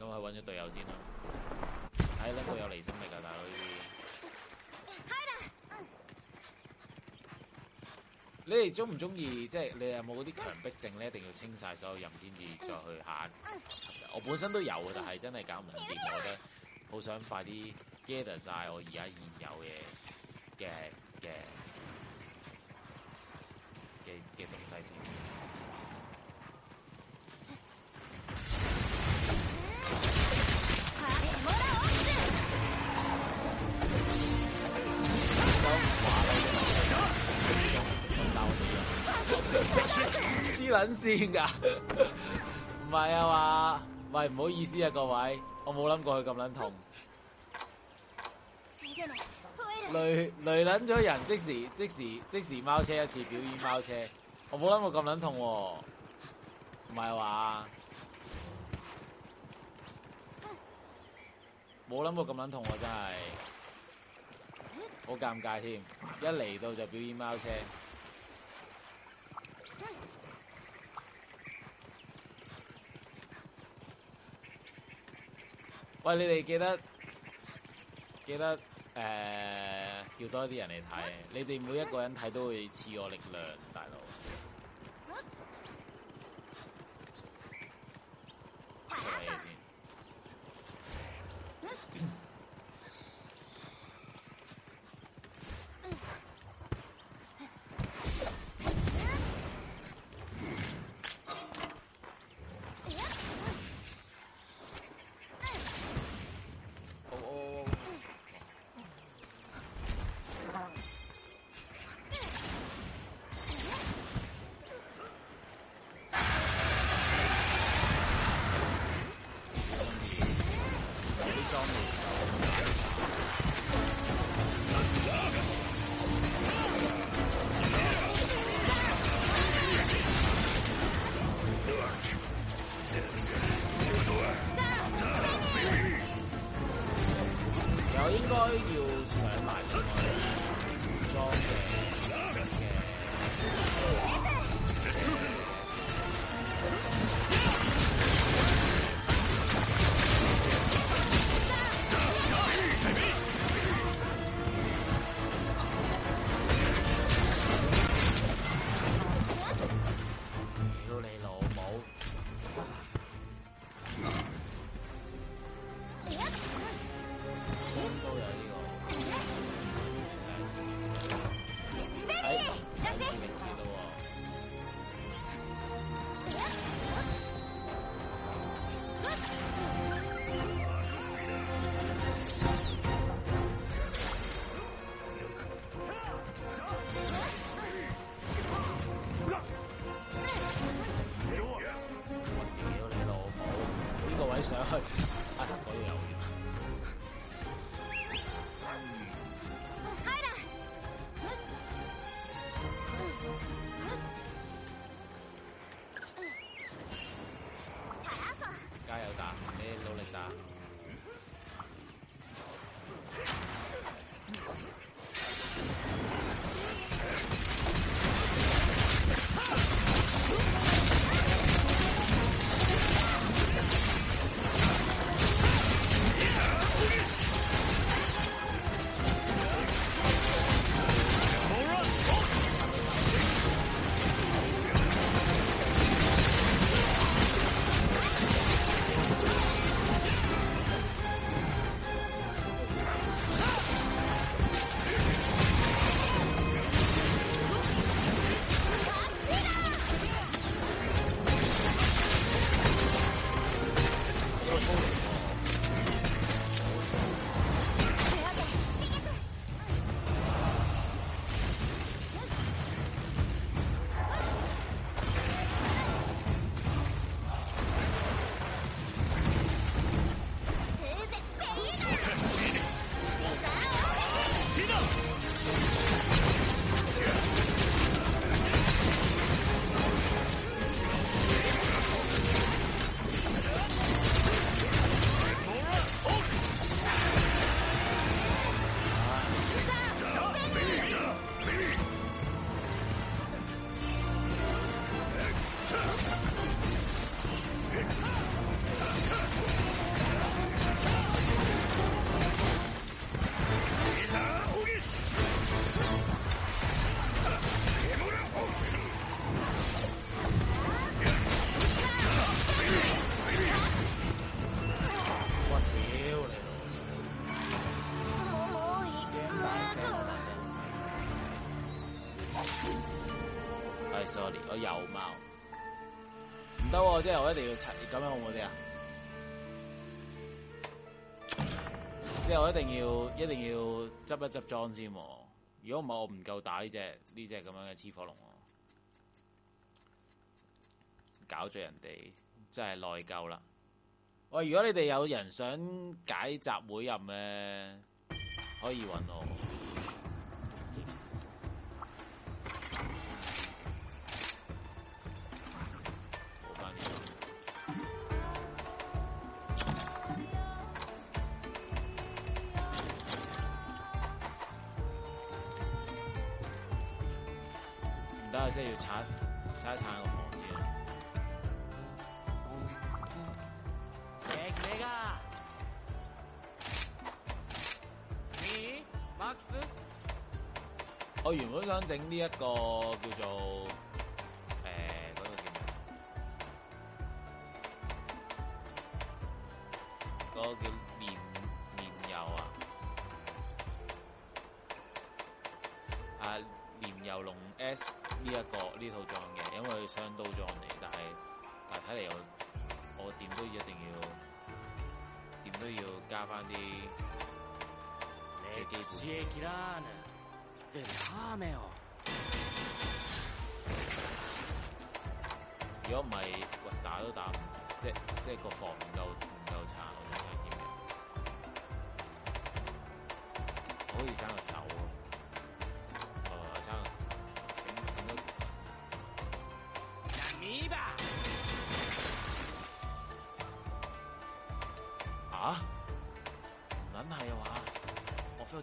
咁我去揾咗隊友先啦，嗯。哎，呢個有離心力噶大佬？你哋中唔中意？即、就、係、是、你有冇啲強迫症咧？一定要清晒所有任先至再去行，嗯。我本身都有，但係真係搞唔掂，我覺得。好想快啲 get 晒我而家現有嘅嘅嘅嘅嘅東西先。黐撚線㗎。唔係啊，唔喂，唔好意思啊各位，我冇諗過佢咁撚痛。雷雷撚咗人，即時即時即時貓車一次表演貓車，我冇諗過咁撚痛喎，唔係話，冇諗過咁撚痛啊，唔係啊，冇諗過咁撚痛啊真係，好尷尬添，一嚟到就表演貓車。喂，你哋記得記得、呃、叫多啲人嚟睇。What? 你哋每一個人睇都會賜我力量，大佬。之後一定要拆，咁樣好唔好啲啊？之後一定要，一定要執一執裝先哦。如果唔係，這這我唔夠打呢隻呢隻咁樣嘅黐火龍，搞咗人哋真係內疚啦。喂，如果你哋有人想解集會任咧，可以搵我好好。即係要鏟，鏟一鏟落去。你 Max？我原本想整呢一個叫做呃，嗰個叫咩？嗰個叫綿綿油啊，啊，啊綿油龍 S。呢、這、一個呢套裝嘅，因為佢雙刀裝嚟，但係但係睇嚟我我點都一定要點都要加翻啲。歷史如果唔係，喂打都打唔即即個防唔夠唔夠差，可以加個手。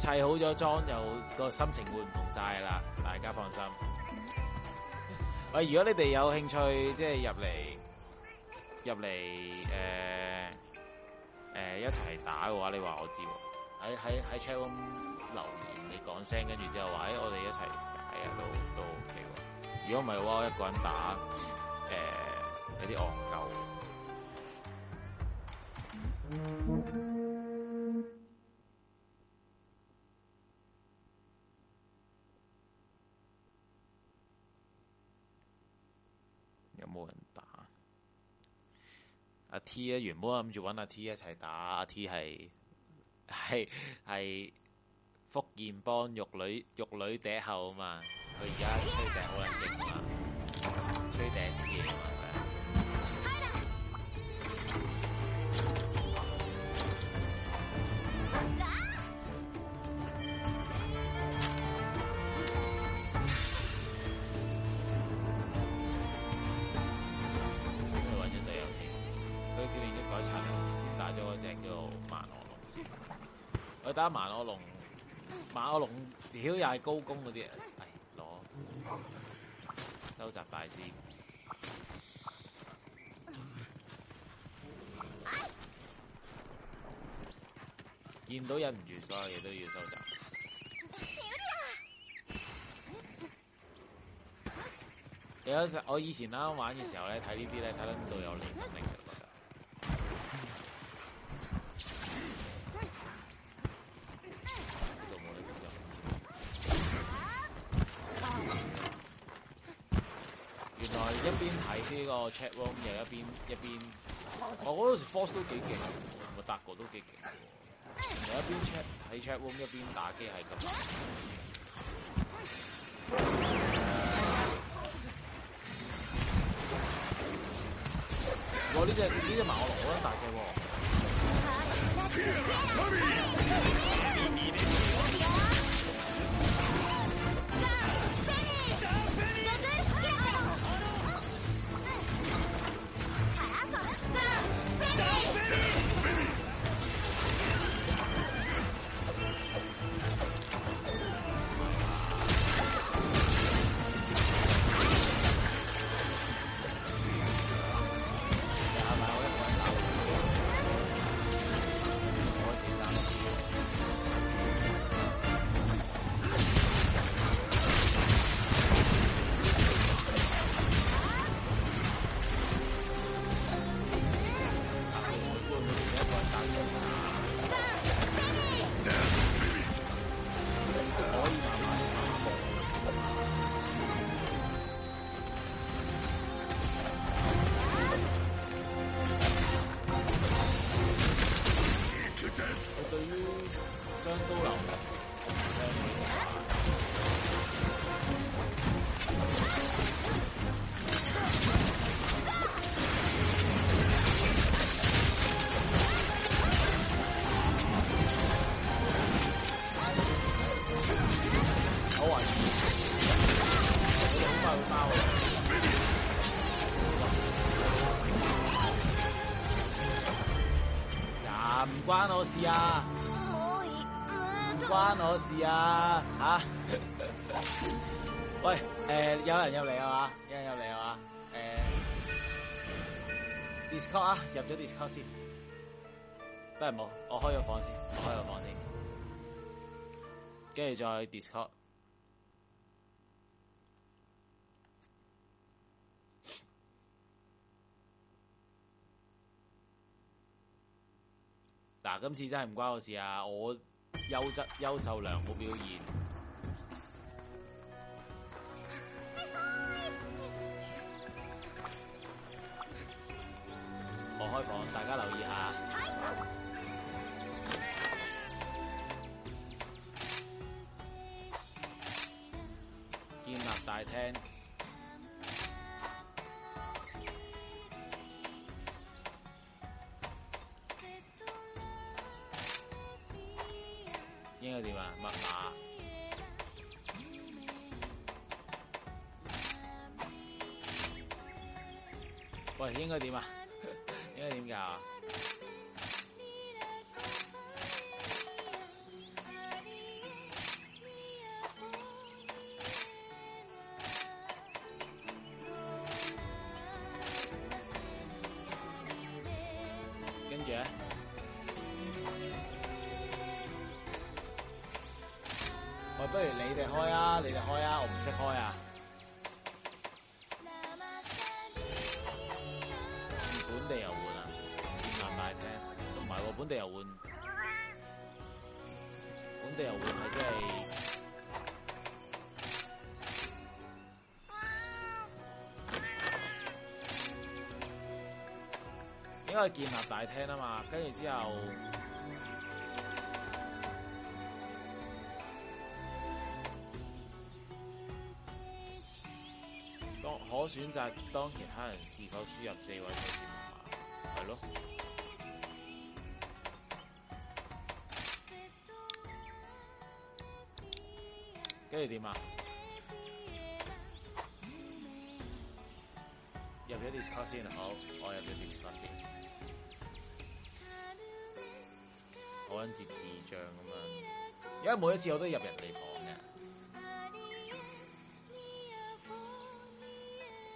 砌好咗裝就個心情會唔同晒啦，大家放心。喂， *laughs* 如果你哋有興趣，即係入嚟、入嚟誒誒一齊打嘅話，你話我知喎。喺喺喺 chatroom 留言，你講聲，跟住之後話，誒、欸、我哋一齊打啊都都 ok。如果唔係嘅話，我一個人打誒、呃、有啲戇鳩。T 啊，原本諗住揾阿 T 一齊打，阿 T 係係係福建幫玉女玉女笛后啊嘛，佢而家吹笛好難敵啊嘛，吹笛師啊嘛。加埋我龍，馬我龍，屌又係高工嗰啲啊！攞收集大師，見到忍唔住，所有嘢都要收集。有一集我以前啱玩嘅時候咧，睇呢啲咧睇得都有神力。個、oh, chat room 又一邊一邊，我嗰陣時 force 都幾勁，個達哥都幾勁，又一邊 chat 喺 chat room 一邊打機係咁。哇！呢隻呢隻馬騮啊大細喎。啊、關我事啊！啊！ *laughs* 喂，誒、呃，有人入嚟啊嘛，有人入嚟啊嘛，誒、呃、disco 啊，入咗 disco 先，都係冇，我開個房先，我開個房先，跟住再 disco。今次真係唔關我事啊！我優質、優秀、良好表現。我開房，大家留意下。建立大廳。應該點啊？密碼。喂，應該點啊？ *laughs* 應該點搞？ *laughs* 你開啊，你哋開啊，我唔識開啊，啊，啊。本地又換啊，建立大廳，同埋個本地又換，本地又換係真係，因為建立大廳啊嘛，跟住之後。選擇當其他人是否輸入四位數字密碼，係咯？跟住點啊？入咗電話先，好，我入咗電話先。我好似智障咁樣，因為每一次我都入人哋台。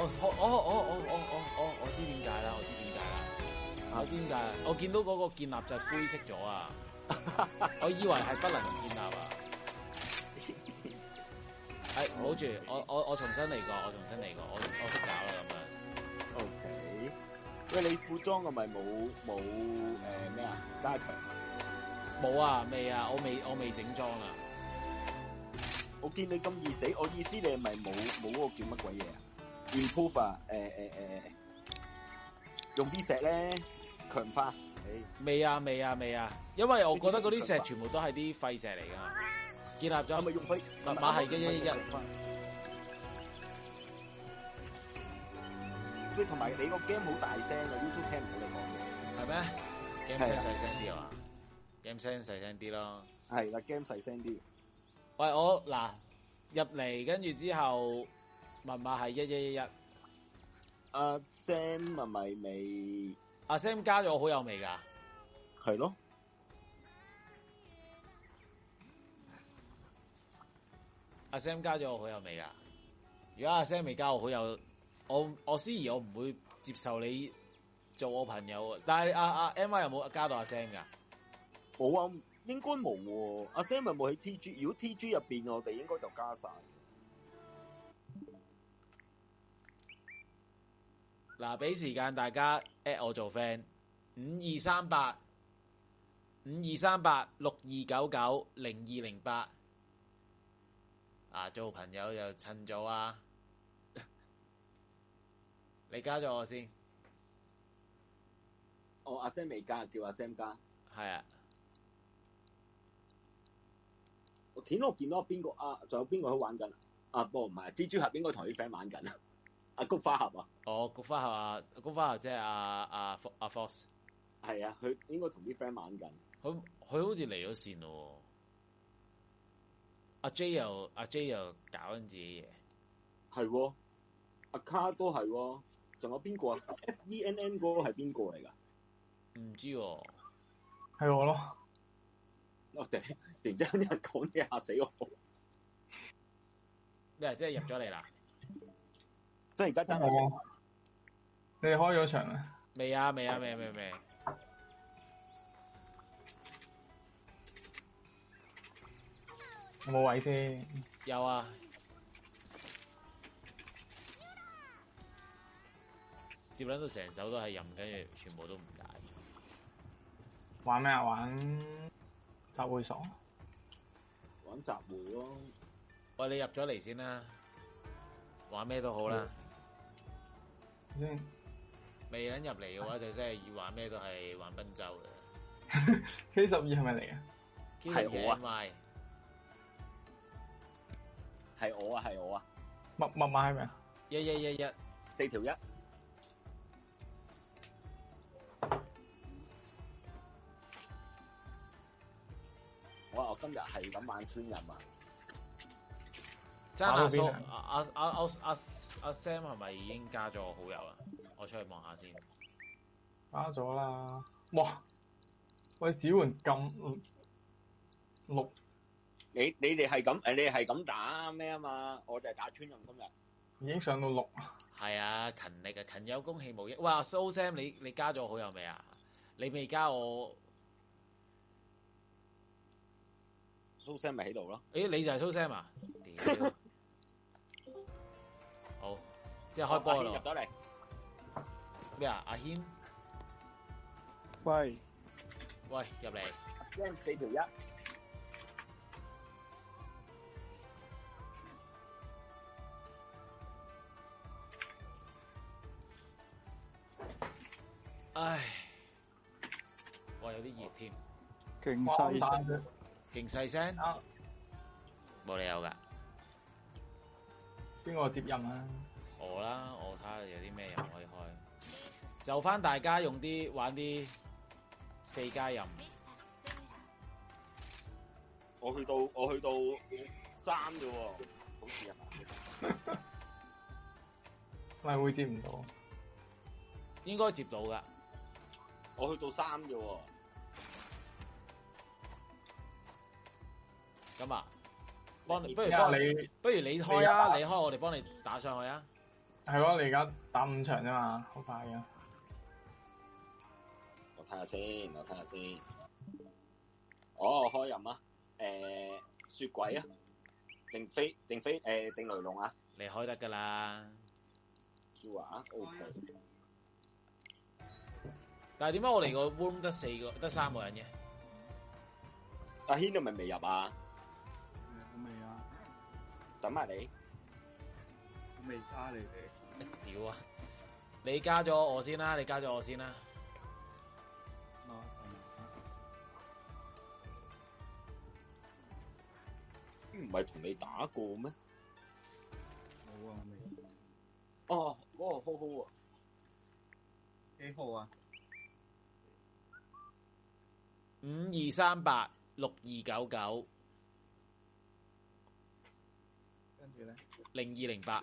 我我我我我我我我知點解啦，我知點解啦，點解？我見到嗰個建立就灰色咗啊！我以為係不能建立啊！係，hold 住！我我我重新嚟過，我重新嚟過，我我識搞啦咁樣。O K，喂，你副裝係咪冇冇誒咩啊？加強？冇啊，未啊，我未我未整裝啊！我見你咁易死，我意思你係咪冇冇嗰個叫乜鬼嘢啊？remove，誒誒誒，用啲石咧強化。未啊未啊未啊，因為我覺得嗰啲石全部都係啲廢石嚟㗎，建立咗係咪用廢密碼係嘅一。一。係，同埋你個 game 好大聲啊，YouTube 聽唔到你講嘢。係咩？game 細聲啲啊？game 細聲啲咯。係啦，game 細聲啲。喂、嗯欸，我嗱入嚟跟住之後。密碼係一一一一。阿、啊、Sam 咪咪，阿、啊、Sam 加咗我好友未噶？係咯。阿、啊、Sam 加咗我好友未噶？如果阿、啊、Sam 未加我好友，我我思怡我唔會接受你做我朋友。但係阿阿 Mi 有冇加到阿 Sam 噶？冇啊，應該冇、啊。阿、啊、Sam 咪冇喺 T G，如果 T G 入邊我哋應該就加晒。嗱，俾時間大家 at 我做 friend，五二三八五二三八六二九九零二零八啊，做朋友就趁早啊！你加咗我先，我、哦、阿 Sam 未加，叫阿 Sam 加，係啊！我睇我見到邊個啊？仲有邊個喺玩緊啊？啊，唔係、啊、蜘蛛俠應該同啲 friend 玩緊。阿、啊、菊花俠啊！哦，菊花俠啊，菊花俠即係阿阿阿 Fox。係啊，佢、啊啊啊、應該同啲 friend 玩緊。佢佢好似嚟咗線咯、啊。阿、啊、J 又阿、啊、J 又搞緊自己嘢。係、啊，阿、啊、卡 a r 都係、啊。仲有邊個啊 E N N 嗰個係邊個嚟噶？唔、啊、知、啊，係我咯。我頂，突然之間有人講嘢嚇死我！你係真係入咗嚟啦？ *laughs* 都而家真係啊！你開咗場啊？未啊？未啊？未未未。有冇位先？有啊。接捻到成手都係飲，跟住全部都唔解。玩咩啊？玩雜會爽？玩雜會咯。喂，你入咗嚟先啦。玩咩都好啦。未肯入嚟嘅話就真係玩咩都係玩濱州嘅。七十五係咪嚟啊？係我啊，係我啊，係我啊，係我啊。密密碼係咪啊？一、一、一、一，四條一。我今日係咁晚村人啊！阿阿阿 Sam 係咪已經加咗我好友啊？我出去望下先。加咗啦！哇！喂，只換咁！六，你你哋係咁誒？你係咁打咩啊嘛？我就係打穿咁，今日已經上到六。係啊，勤力啊，勤有功，戲無益。哇！蘇、啊、Sam，你你加咗我好友未啊，啊？你未加我？蘇 Sam 咪喺度咯。誒，你就係蘇 Sam 啊？ *laughs* *laughs* 即係開波咯，入咗嚟咩啊？阿謙，喂喂，入嚟，四條一，唉，我有啲熱添，勁細聲，勁細聲，冇理由㗎，邊個接任啊？我啦，我睇下有啲咩人可以開，就翻大家用啲玩啲四加人。我去到我去到三咋喎，好似係咪會接唔到？應該接到噶，我去到三咋喎。咁啊，幫不如幫你，不如你開啊！你開，我哋幫你打上去啊！係咯，你而家打五場啫嘛，好快嘅。我睇下先，我睇下先。哦，開任啊，誒，雪鬼啊，定飛定飛誒，定雷龍啊，你開得噶啦。朱華，OK。但係點解我嚟個 room 得四個，得三個人嘅？阿軒度咪未入啊？未啊，等埋你。未加你哋。 *laughs* 你加咗我先啦，你加咗我先啦。唔係同你打過咩？冇啊，啊，未。哦，哇，好好啊。幾號啊？五二三八六二九九。跟住呢。零二零八。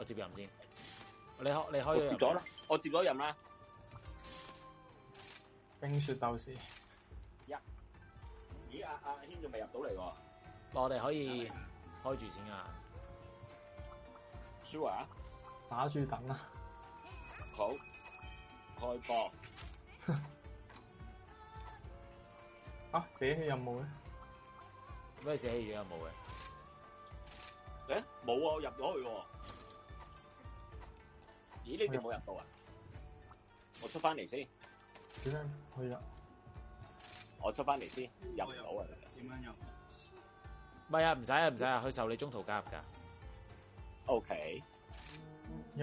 我接人先，你開你開咗人，我接咗人啦。冰雪鬥士一，yeah. 咦？阿阿軒仲未入到嚟喎，啊。我、哦、哋可以開住先啊。Sure 啊，打算等啊，好開播。 *laughs* 啊，寫起任務呢？咩寫起嘅任務嘅？誒、欸，冇啊，我入咗去。咦？你哋冇入到啊！我出翻嚟先，你聽可以入。我出翻嚟先，入唔到啊！點樣入？唔係啊，唔使啊，唔使啊，佢受理中途加入㗎。OK，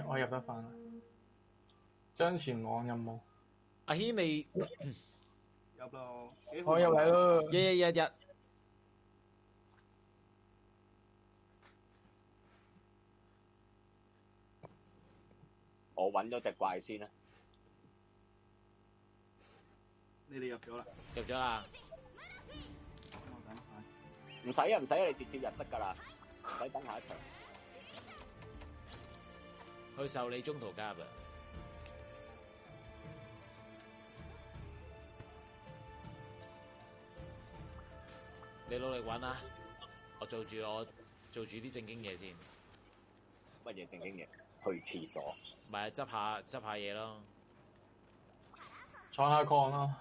我入得翻。張前朗入冇？阿軒未入到，我入嚟咯！耶耶耶耶。我揾咗隻怪先啦，你哋入咗啦，入咗啦，唔使啊唔使啊，你直接入得㗎啦，唔使等下一場去，去受理中途加入你落嚟揾啦。我做住我做住啲正經嘢先，乜嘢正經嘢？去廁所。咪執下執下嘢咯，採下礦咯。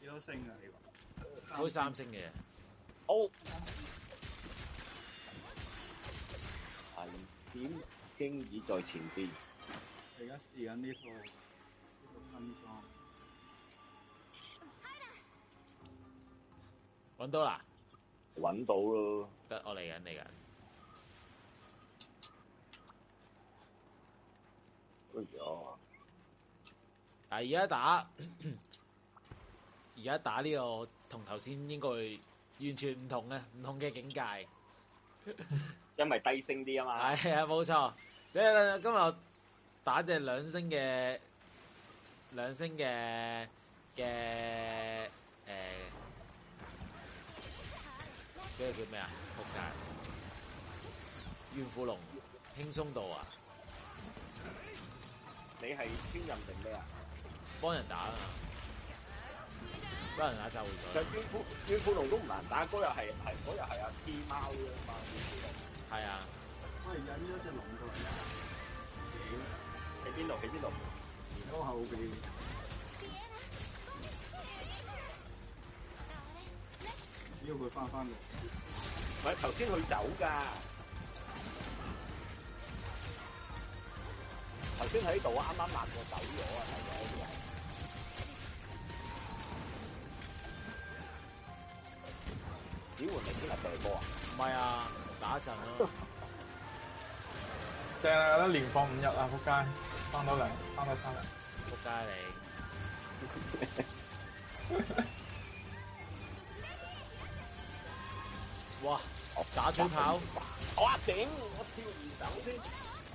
幾多星啊？開三星嘅。O、哦。危險經已在前邊。而家試緊呢套呢套新裝。揾到啦！揾到咯。得我嚟緊嚟緊。啊！而家打，而家打呢個同頭先應該完全唔同嘅唔同嘅境界，因為低聲啲啊嘛。係啊，冇錯。即係今日打隻兩星嘅兩星嘅嘅誒，嗰個叫咩啊？仆街怨婦龍，輕鬆到啊！你係簽任定咩啊？幫人打啊、嗯！幫人打就招。會打。怨婦怨龍都唔難打，嗰又係係，嗰又係阿 T 貓天龍啊嘛，哎，好似啊。係啊。我係引咗隻龍過嚟啊！點？喺邊度？喺邊度？而家後邊。叫佢翻返嚟。喂，頭先佢走㗎。頭先喺度啊，啱啱落過走咗啊，係咪？點換你先嚟對波啊？唔係啊，打一陣咯。正啊，連放五日啊，撲街！翻到嚟，翻嚟翻嚟，撲街你！哇，打追跑！我頂，我跳唔到先。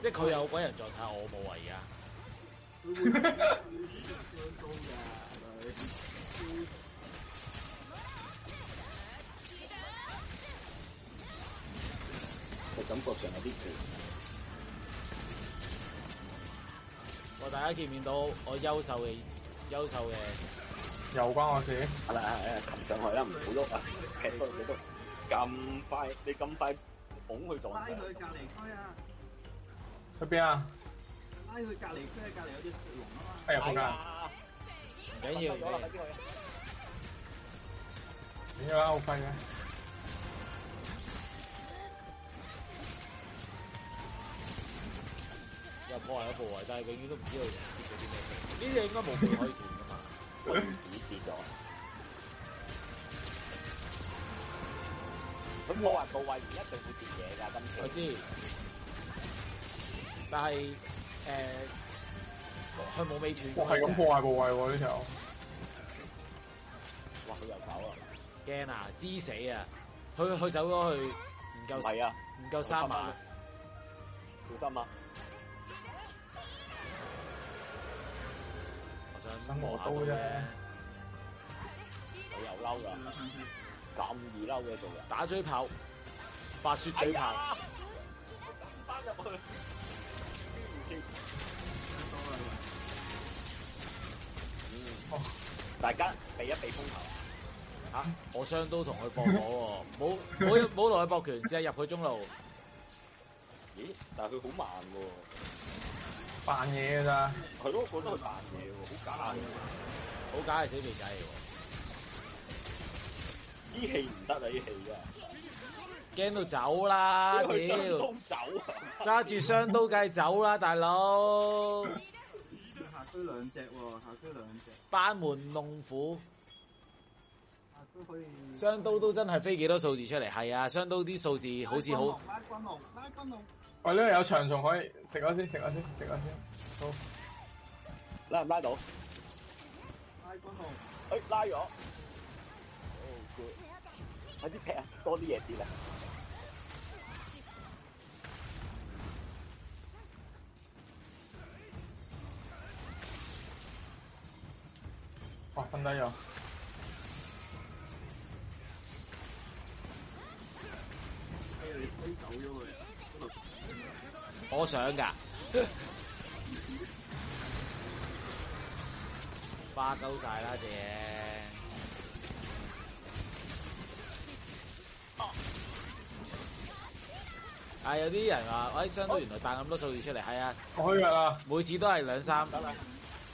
即係佢有鬼人狀態，我冇啊！而家係感覺上有啲攰。我大家見唔見到我優秀嘅、優秀嘅。又關我事？係係係，擒上去啦，唔好喐啊！踢多幾多？咁快？你咁快拱去撞？拉佢隔離區啊！邊啊！拉去隔離區，隔離有隻食龍啊嘛。係啊，唔、哎、緊要嘅。點解歐費嘅？又破位又破位，但係永遠都唔知道跌咗啲咩嘢。呢隻應該冇咁可以跌噶嘛？點跌咗？咁我話破位唔一定會跌嘢噶，今次。我知。但係，誒、呃，佢冇尾斷。我係咁破壞過位喎呢條。哇！佢、就是、又跑啦。驚啊！知死啊！佢走咗去，唔夠，唔夠、啊、三碼、啊。小心啊！我想登我刀啫。你又嬲㗎？咁易嬲嘅度。打追跑，白雪追跑。入、哎、去。大家避一避風頭、啊、我雙刀同佢搏火，唔好唔好唔好落去搏拳，只係入去中路。咦？但佢好慢喎，扮嘢噶咋？係咯，我覺得係扮嘢，好假，好假嘅死肥仔。啲氣唔得啦，啲氣啊，驚到走啦！屌，走揸住雙刀計走啦，大佬、 *laughs* 哦。下區兩隻喎，下區兩隻。班門弄斧、啊，雙刀都真係飛幾多數字出嚟？係啊，雙刀啲數字好似好。喂，呢個、哦、有長蟲可以食咗先，食咗先，食咗先，先，先。好，拉唔拉到？拉軍龍，哎、拉咗。好、oh，快啲劈啊！多啲嘢啲啦。哇、哦！瞓低咗我想噶， *laughs* 花狗曬啦，正啊！係、哎、有啲人話：我一張都原來彈咁多數字出嚟。係啊，開藥啦！每次都係兩三。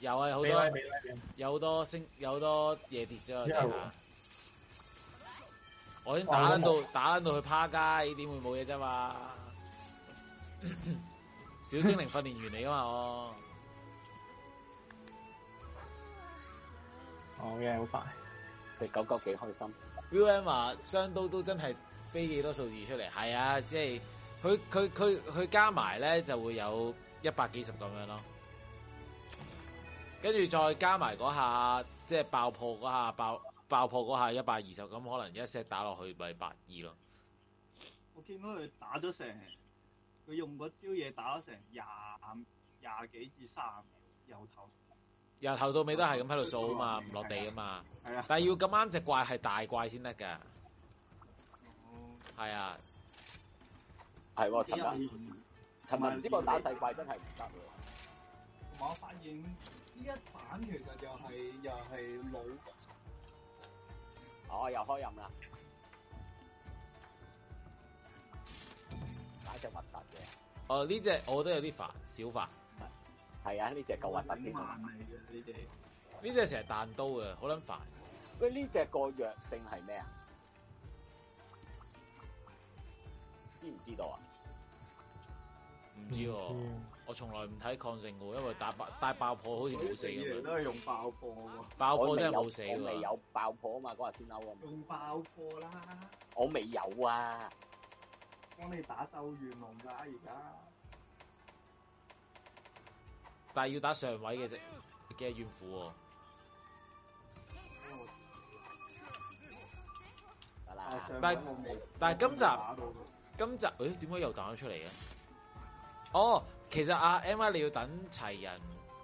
有啊，好多有多星，有好多嘢跌咗啊！我已經打捻到打捻到去趴街，點會冇嘢啫嘛？小精靈訓練員嚟噶嘛？ *laughs* 我，我嘅好快，隻狗狗幾開心。U M a 雙刀都真係飛幾多數字出嚟，係啊，即係佢佢佢佢加埋咧就會有一百幾十咁樣咯。跟住再加埋嗰下，即係爆破嗰下，爆爆破嗰下一百二十，咁可能一 set 打落去咪百二咯。我見到佢打咗成，佢用個招嘢，打咗成廿廿幾至卅秒，由頭由頭到尾都係咁喺度掃啊嘛，唔落地啊嘛。係啊，啊，但係要咁啱隻怪係大怪先得噶。哦，係啊，係喎尋日，尋日唔知我打細怪真係唔得喎。我反應。呢一版，其實又係又係老，哦又開任啦，打隻核突嘅，哦呢隻我覺得有啲煩，小煩，係啊，呢隻夠核突啲，呢隻呢隻成日彈刀嘅，好撚煩，喂呢隻個藥性係咩啊？知唔知道啊？唔知喎，我從來唔睇抗性喎，因為打爆帶爆破好似冇死咁樣。都係用爆破，爆破真係冇死的。我未有，有爆破啊嘛，嗰下先嬲啊！用爆破啦！我未有啊！幫你打周元龍㗎而家，但係要打上位嘅啫，幾係怨婦喎，啊？但係但係今集今集，誒，點解又打咗出嚟嘅？哦，其實阿 Mi，你要等齊人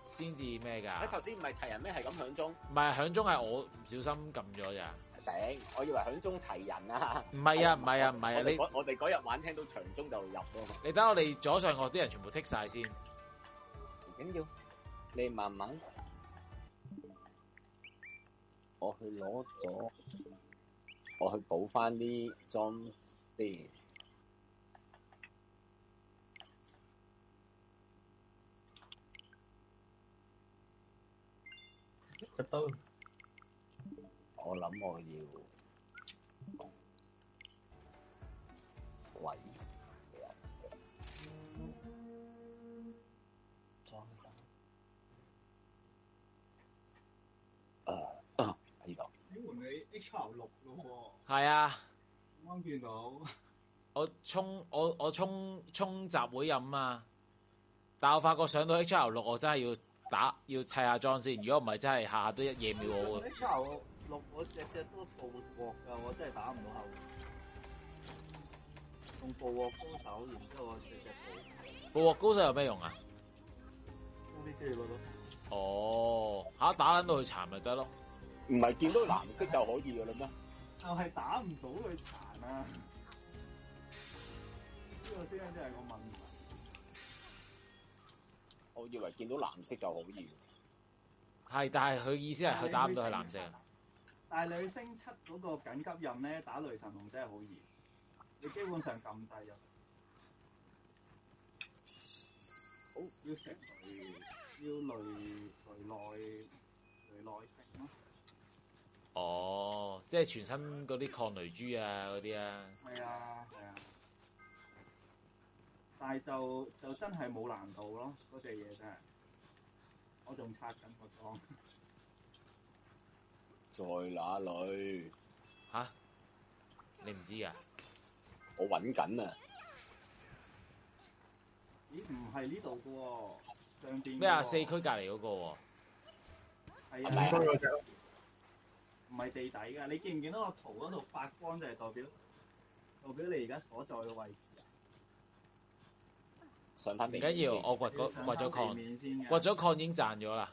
先至咩噶？你頭先唔係齊人咩？係咁響鐘？唔係，響鐘係我唔小心撳咗咋。頂，我以為響鐘齊人啊。唔係啊，唔係啊，唔係啊，你我哋嗰日玩聽到長鐘就入啊嘛。你等我哋左上角啲人全部剔晒先，唔緊要，你慢慢，我去攞咗，我去補返啲裝啲。一我諗我要圍莊。喺度。點換你 H R 六咯？係啊。啱見到。我充，我我衝衝集會飲啊！但我發覺上到 H R 六，我真係要。打要砌下裝先，如果唔係真係下下都一夜秒我嘅。我六我隻隻都暴獲我真係打唔到後。用暴獲高手，然之後我隻隻暴。暴獲高手有咩用啊？呢啲嘢咯。哦，吓、啊、打到佢殘咪得咯？唔係見到藍色就可以噶啦咩？就係打唔到佢殘啊！呢、啊這個先真係個問題。我以為見到藍色就好易，係，但係佢意思係佢打唔到係藍色。但係女星出嗰個緊急任咧，打雷神龍真係好易， *laughs* 你基本上撳晒入好，要要雷雷內雷、啊、哦，即係全身嗰啲抗雷珠啊，嗰啲啊，啊。係啊，係啊。但係就就真係冇難度咯，嗰隻嘢真係。我仲拆緊個光。在哪裏？吓？你唔知啊？我搵緊啊！唔係呢度嘅喎，上邊咩啊？四區隔籬嗰個喎。係五區嗰隻。唔係地底噶，你見唔見到個圖嗰度發光就係代表，代表你而家所在嘅位置。唔緊要，我挖咗挖咗礦，挖咗礦已經賺咗啦。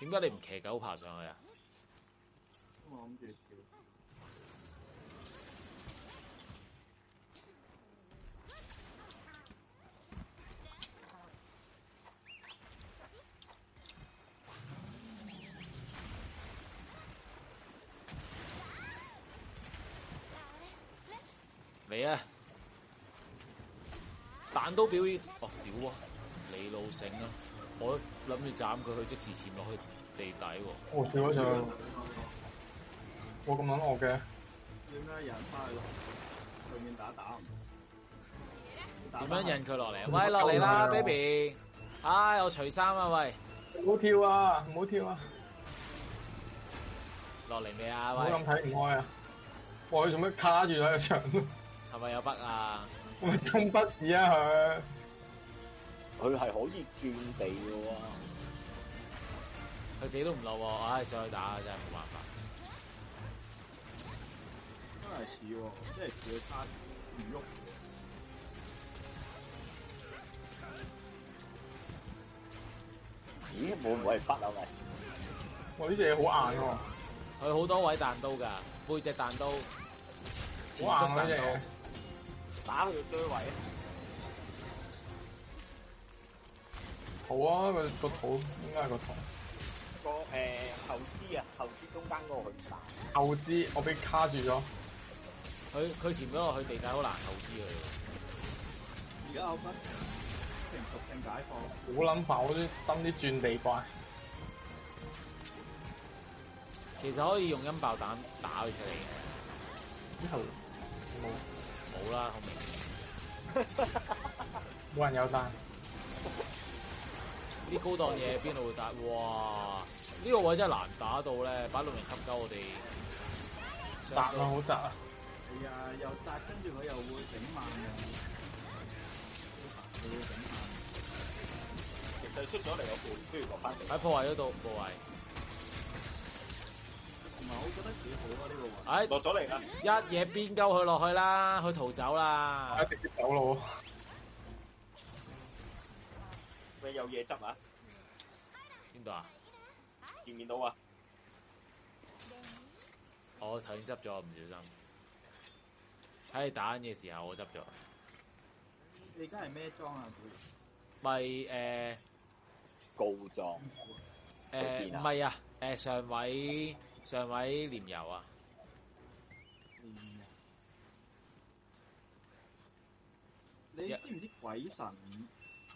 點解你唔騎狗爬上去啊？嚟啊！單刀表演，哦屌啊！你老醒啊！我諗住斬佢去即時潛落去地底喎、哦。我跳咗上，我咁諗我嘅。點樣引翻佢？對面打打唔到。點樣引佢落嚟啊？喂，落嚟啦，baby！唉，我除衫啊！喂，唔好跳啊！唔好跳啊！落嚟未啊？喂，我咁睇唔開啊！我做咩卡住喺個牆？係咪有筆啊？我真筆屎啊！佢佢係可以轉地喎。佢死都唔落。我唉上去打真係冇辦法。真係似，真係似佢叉住喐。咦？我唔係筆係咪？喂，呢隻好硬喎、啊，佢好多位彈刀㗎，背脊彈刀，前足彈刀。打去追位，好啊！那個該個桶應該係個桶。個誒後肢啊，後肢中間嗰個佢唔打後肢，我被卡住咗。佢佢前面落去地界好難後肢佢。而家有坤成獨立解放。想好捻爆啲登啲鑽地怪。其實可以用音爆彈打佢出嚟。之後冇。好啦，後面冇 *laughs* 人有單，啲高檔嘢邊度會打？哇！呢、這個位置真係難打到咧，把路人吸走我哋，打啊，好打啊！係啊，又打，跟住佢又會整慢，又整慢。其實出咗嚟個半，不如落翻嚟。喺破壞嗰度破壞。唔係，我覺得幾好啊呢個運。哎，落咗嚟啦，一嘢邊溝佢落去啦，佢逃走啦，直接走咯。你有嘢執啊？邊度啊？見唔見到啊？我頭先執咗，唔小心。喺你打嘢嘅時候，我執咗。你而家係咩裝啊？唔係誒，高裝。誒，唔係啊，誒，上位。上位煉油啊！嗯、你知唔知鬼神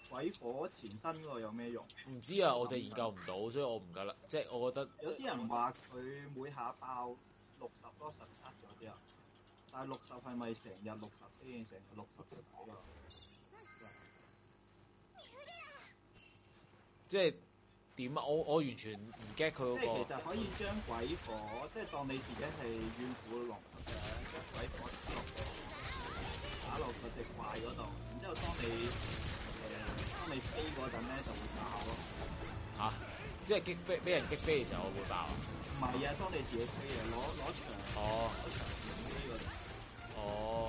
鬼火前身嗰個有咩用？唔知啊，我就研究唔到， *laughs* 所以我唔得啦。即、就、係、是、我覺得有啲人話佢每下爆六十多十七有啲啊，但六十係咪成日六十先，成日六十出底噶？即點啊？我我完全唔 get 佢嗰個。其實可以將鬼火，即係當你自己係怨婦龍咁，將鬼火落落打落嗰隻怪嗰度。然之後當你誒當你飛嗰陣咧，就會爆咯。吓、啊？即係擊飛，俾人擊飛嘅時候我會爆。唔係啊，當你自己飛啊，攞攞長攞長劍飛嗰陣。哦。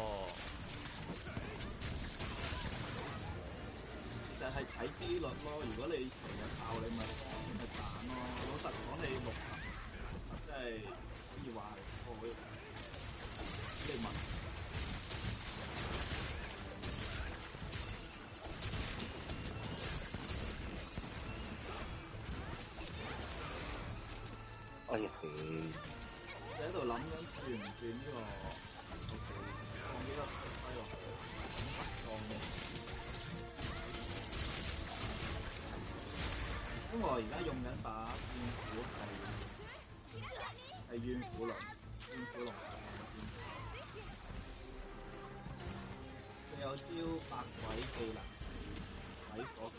係睇機率咯，如果你成日爆你咪安全咪賺咯。老實講，你六百即係可以話係可以嘅，你問？哎呀屌！我喺度諗緊斷唔斷呢個。我而家用緊把怨虎，係怨虎龍，怨虎龍。佢有招百鬼技能，鬼火。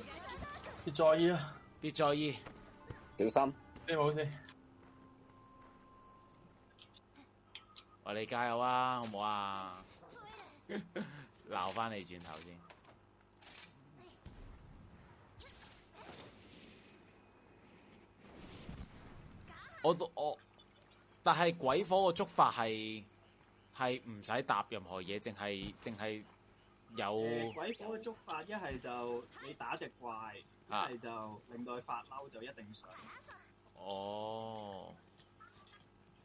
別在意啦，別在意。小心。你冇事。我哋加油啊，好唔好啊？鬧返你轉頭先。我都我，但係鬼火個觸發係係唔使搭任何嘢，淨係淨係有、呃。鬼火嘅觸發一係就你打隻怪，一、啊、係就令到佢發嬲就一定上。哦，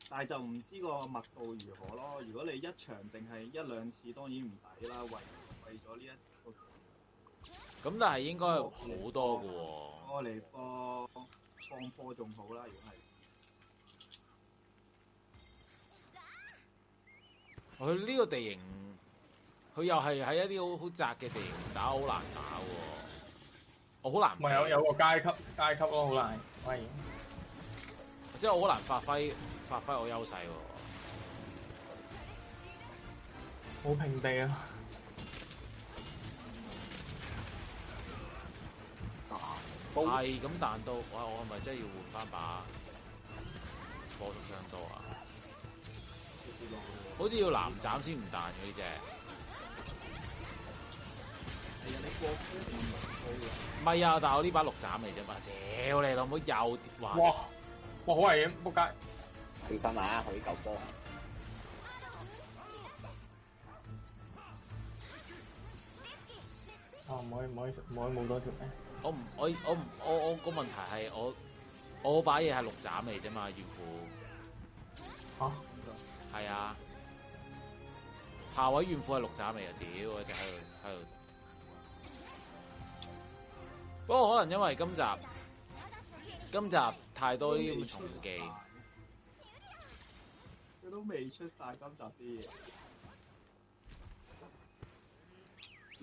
但係就唔知個密度如何咯？如果你一場定係一兩次，當然唔抵啦。為為咗呢一個，咁但係應該好多噶。我嚟放放波仲好啦，如果係。佢、哦、呢、這個地形，佢又係喺一啲好窄嘅地形打，好難打。我好難打。打，有有個階級階級咯，好難。係，即、哦、係、就是、我好難發揮發揮我優勢。冇平地啊！彈係咁彈到，我我係咪真係要換翻把波多箱刀啊？好似要藍斬先唔彈嗰啲啫，唔係啊！但係我呢把綠斬嚟啫嘛，屌你老母又跌哇！哇，好危險，仆街！小心啊！我呢舊波啊！我唔可以，唔可以，唔可以，我唔我我個問題係我我把嘢係綠斬嚟啫嘛，月父。啊，係啊。下位怨婦係六盞嚟啊！屌，就喺度喺度。不過可能因為今集今集太多呢種重機，佢都未出晒今集啲嘢。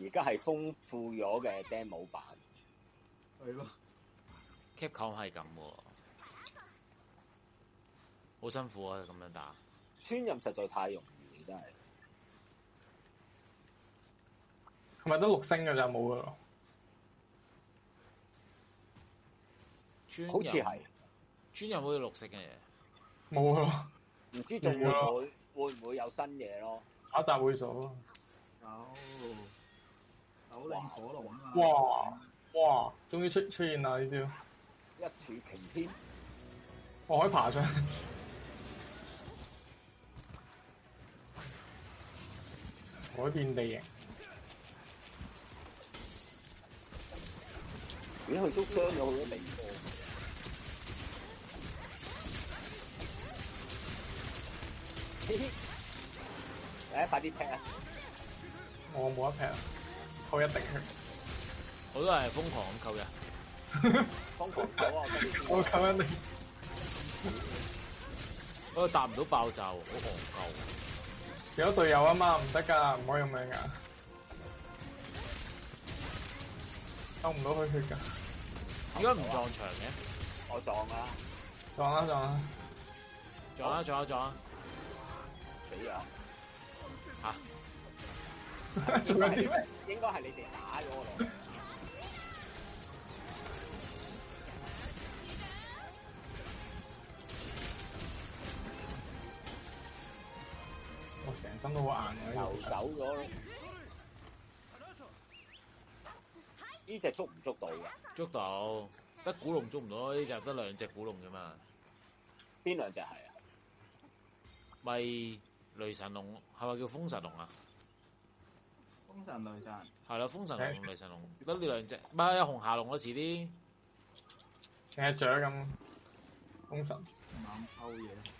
而家係豐富咗嘅 Demo 版，係咯？Capcom 係咁，好辛苦啊！咁樣打，吞任實在太容易，真係。係咪都六星噶咋？冇㗎？咯。好似係，專有冇綠色嘅嘢？冇咯。唔知仲會會唔會，會有新嘢咯？一集會咗。有、oh. 啊。哇！哇！終於出出現啦呢招。一柱擎天。我可以爬上去。改 *laughs* 變地。佢都傷咗好多命。嚟、 *music* 欸，快啲劈啊！我冇得劈，扣一滴。好多係瘋狂扣嘅。瘋狂扣啊！我扣一滴，我打唔到爆炸，我戇鳩。有隊友啊嘛，唔得㗎？唔可以用命噶，扣唔到佢血㗎。點解唔撞牆嘅？我撞啊！撞啊撞啊撞啊撞啊，撞啊撞啊撞啊， *laughs* 啊！幾樣吓？仲有啲咩？應該係你哋打咗我落嚟。我成身都好硬啊！走手咗。 *laughs* 呢隻捉唔捉到嘅？捉到，得古龍捉唔到咯。呢隻得兩隻古龍嘅嘛。邊兩隻係啊？咪雷神龍係咪叫風神龍啊？風神雷神係啦，風神龍、雷神龍得呢兩隻，唔係有紅霞龍嗰時啲，成隻雀咁。風神猛抽嘢。不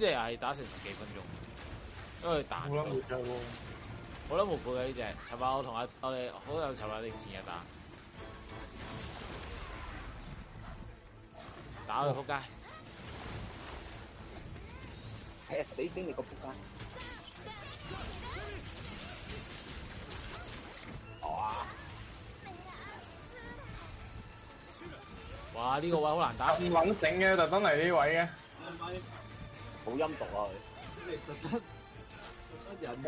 即係打成十幾分鐘，因為彈。好啦，冇背啦，呢隻。尋晚我同阿我哋好有尋晚定前日打，打佢撲街，踢死你個撲街。哇！哇！呢個位好難打，唔穩醒嘅，特登嚟呢位嘅。好陰毒啊佢！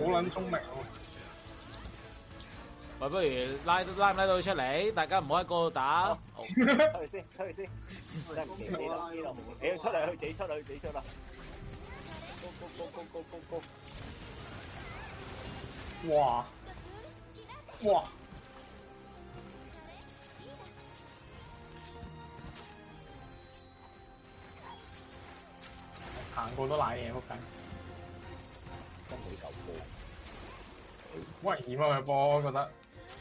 好卵聰明啊！咪不如拉拉唔拉到出嚟，大家唔好喺嗰度打。出去先，出去先。邊度？邊度？出嚟去死！出嚟去死！出嚟去死啦！哇！哇！行過都賴嘢，撲街！都冇球波，喂、啊！而家嘅波覺得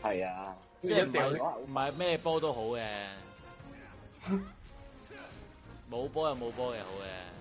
係啊，即係唔係咩波都好嘅，冇 *laughs* 波又冇波又好嘅。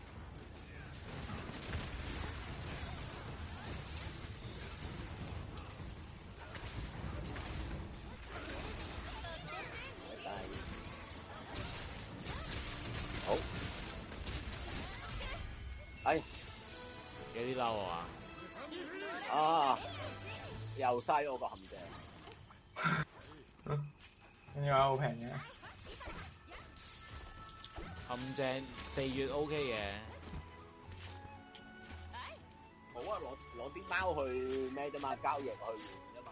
在我個陷阱， *laughs* 點解好平嘅？陷阱四月 O K 嘅，好啊！攞攞啲貓去咩啫嘛？交易去啫嘛？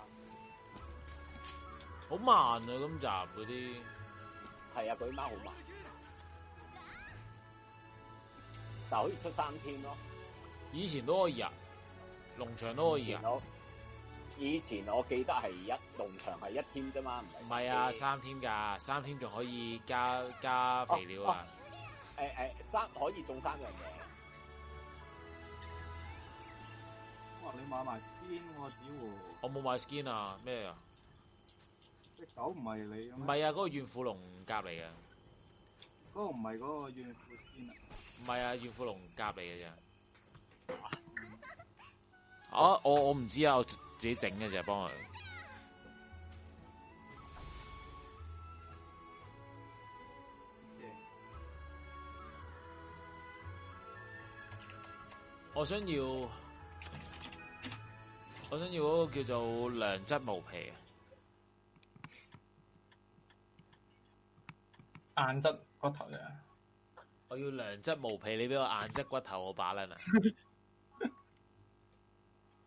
好慢啊！今集嗰啲，係啊，嗰啲貓好慢，就可以出三天咯。以前都可以啊，農場都可以啊。以以前我記得係一農場係一天啫嘛，唔係啊，三天噶，三天仲可以加加肥料啊！誒、哦、誒、哦呃，三可以種三人嘅。哇！你買埋 skin 喎、啊，小胡。我冇買 skin 啊！咩啊？隻狗唔係你。唔係啊！嗰個怨婦龍甲嚟嘅！嗰、那個唔係嗰個怨婦 skin 啊！唔係啊！怨婦龍甲嚟嘅啫。啊！我我唔知啊！自己整嘅就幫佢。幫 yeah. 我想要，我想要嗰個叫做良質毛皮啊，硬質骨頭嘅。我要良質毛皮，你俾我硬質骨頭，我把捻啊！ *laughs*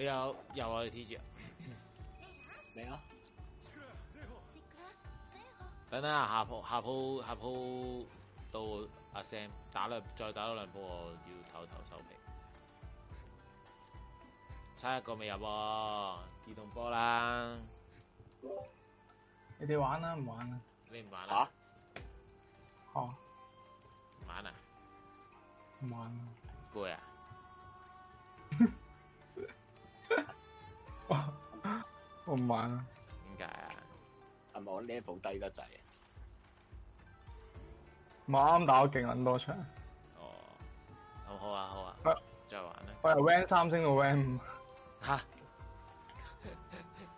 你有要我哋 TJ？未啊！等等啊，下鋪下鋪下鋪到阿 Sam 打兩再打多兩鋪，我要唞唞收皮。差一個未入自動波啦！你哋玩，玩，了你玩了啊？唔玩你唔玩啦？吓？哦，玩啊？唔玩啊？過呀？我唔玩啊！點解啊？係咪我 level 低得滯？猛打勁捻多場哦！好啊好啊，再玩啦！我係 van 三升到 van 五吓，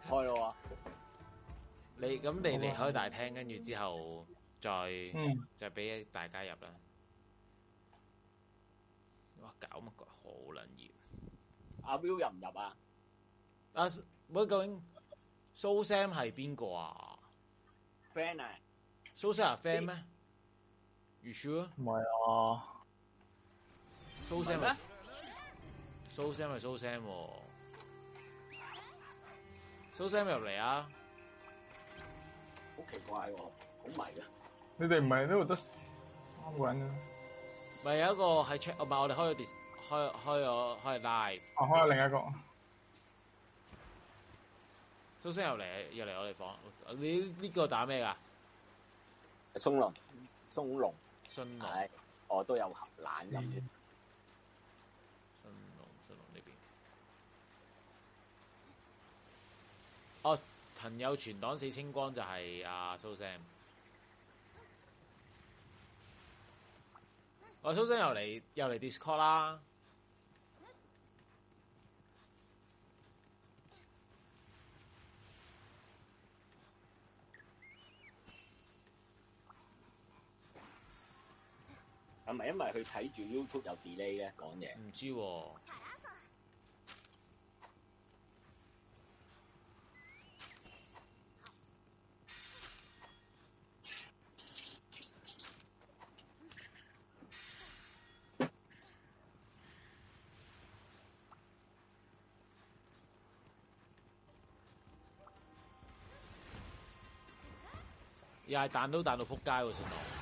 開到啊！你咁你離開大廳，跟住之後再再俾大家入啦！哇！搞乜鬼好難要阿 Will 入唔入啊？但係我究竟？蘇、so、sam 係邊個啊 friend 蘇 sam 係 friend 咩？月舒啊？唔、so、係啊。蘇 sam 係蘇 sam 係蘇 sam，蘇 sam 入嚟啊！好、so is... so so 啊 so 啊、奇怪喎、啊，好迷啊！你哋唔係呢度得三個人咩、啊？咪有一個喺 check about,、like、啊嘛？我哋開咗電，開開咗開 live，我開咗另一個。蘇生又嚟，又嚟我哋房。你呢個打咩㗎？松龍，松龍，松龍，哎，我都有合奶音。松龍，松龍呢邊。哦，朋友全黨死清光就係阿蘇生。我、哦、蘇生又嚟，又嚟 Discord 啦。唔係因為佢睇住 YouTube 有 delay 咧講嘢，唔知又係彈到彈到撲街喎，成龍。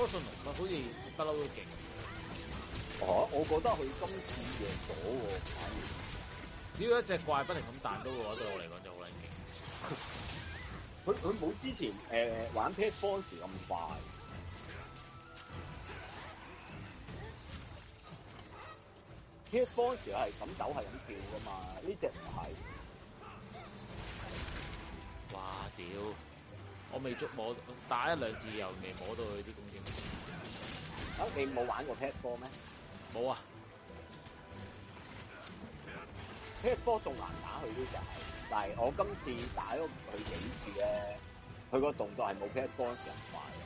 我個順龍物好似不嬲都勁。哦，我覺得佢今次贏咗喎、啊。只要一隻怪不停咁彈都我話，對我嚟講就好撚勁。佢佢冇之前誒、呃、玩 PS Four 時咁快。PS Four 時係咁走，係咁跳噶嘛？呢隻唔係。哇屌！我未捉摸，打一兩次又未摸到佢啲攻擊。咁、啊、你冇玩過 PS4 咩？冇啊！PS4 仲難打佢啲就，但係我今次打咗佢幾次咧，佢個動作係冇 PS4 咁快嘅，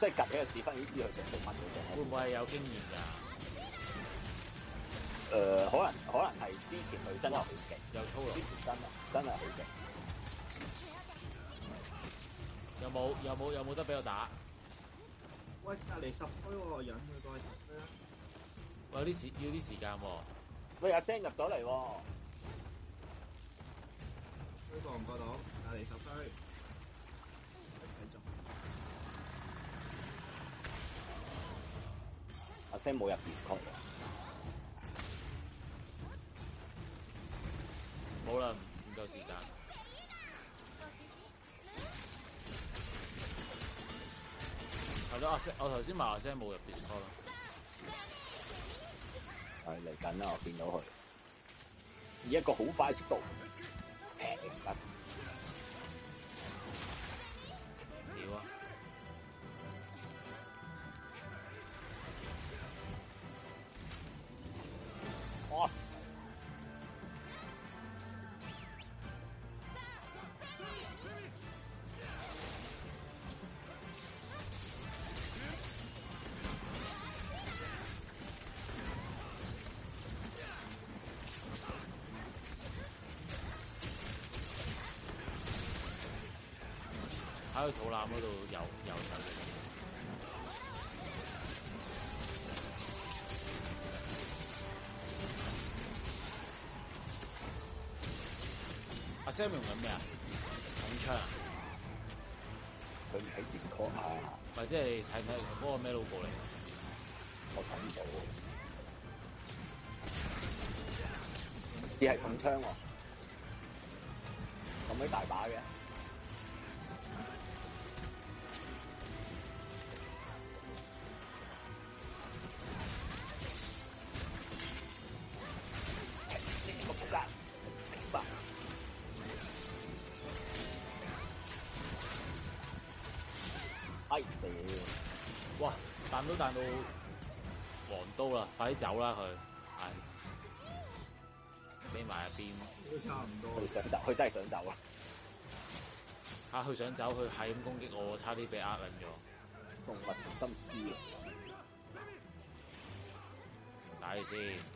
即係隔幾日屎忽幾知佢就突埋咗。會唔會係有經驗噶？誒、呃，可能可能係之前佢真係好勁，之前真係真係好勁。有冇？有冇？有冇得俾我打？喂，隔籬十區喎，忍佢過十區、呃、有啲時，要啲時間喎。喂，阿星入咗嚟喎。這個、過唔過到？隔籬十區。繼續。阿星冇入 Discord。冇啦，唔夠時間。我頭先話阿 Sir 冇入 disco，咯，係嚟緊啦，我見到佢以一個好快嘅速度。喺肚腩嗰度有有走嘅。阿 Sam 用緊咩啊？捅槍。佢睇、啊就是、的確係，或者係睇唔睇嗰個咩路過嚟？我睇唔到，只係捅槍喎。你走啦佢，係匿埋一邊。他想走，佢真係想走啊！吓、啊，佢想走，佢係咁攻擊我，差啲被呃卵咗。動物從心撕，打佢先。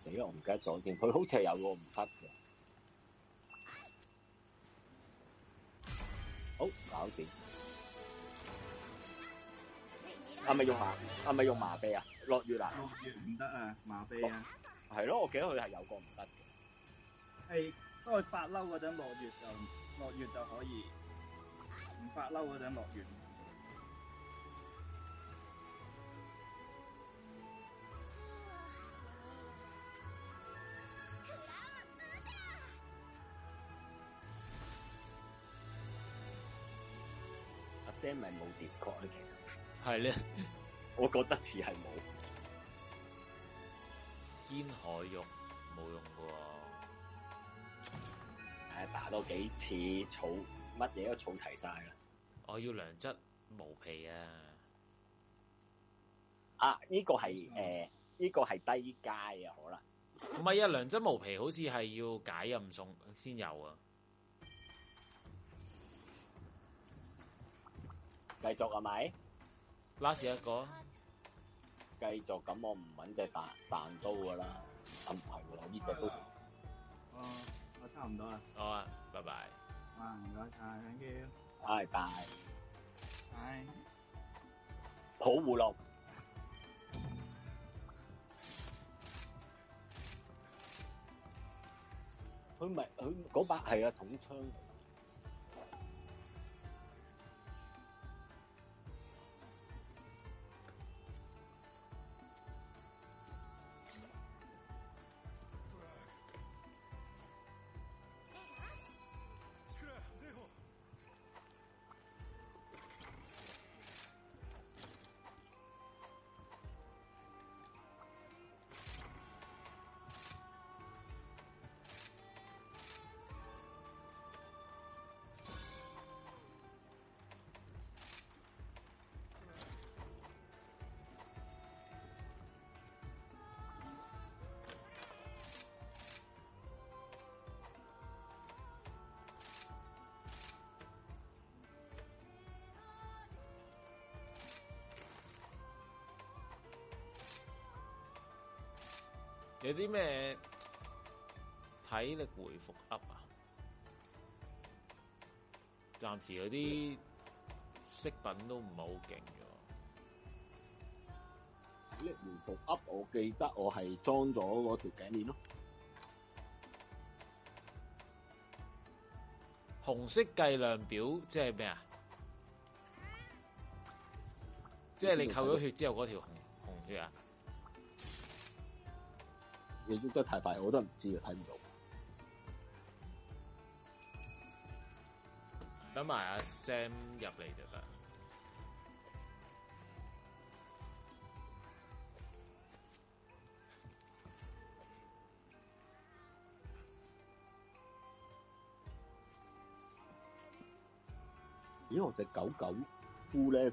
死啦！我唔記得咗添，佢好似係有個唔得嘅。好，搞掂。係咪用麻、啊？係咪用麻痹啊？落月啊？落月唔得啊，麻痹啊。係咯，我記得佢係有個唔得嘅。係當佢發嬲嗰陣落月就落月就可以，唔發嬲嗰陣落月。即係咪冇 discord？其實係咧，我覺得似係冇。堅可用，冇用噶，誒，打多幾次草乜嘢都儲齊晒啦。我要良質毛皮啊！啊，呢、這個係誒，呢、呃這個係低階啊，好啦唔係啊，良質毛皮好似係要解任送先有啊。繼續係咪？last 一個，繼續咁我唔揾隻彈彈刀㗎喇，咁係喎呢隻都，我我差唔多啦，好啊，拜拜，唔該晒，thank you，拜拜，好葫蘆，佢咪佢嗰把係啊筒槍。有啲咩體力回復 up 啊？暫時嗰啲飾品都唔係好勁啫。體力回復 up，我記得我係裝咗嗰條頸鏈咯。紅色計量表，即係咩啊？即係你扣咗血之後嗰條紅紅血啊？你喐得太快，我都唔知，睇唔到。等埋阿 Sam 入嚟就得。咦？我隻狗狗，full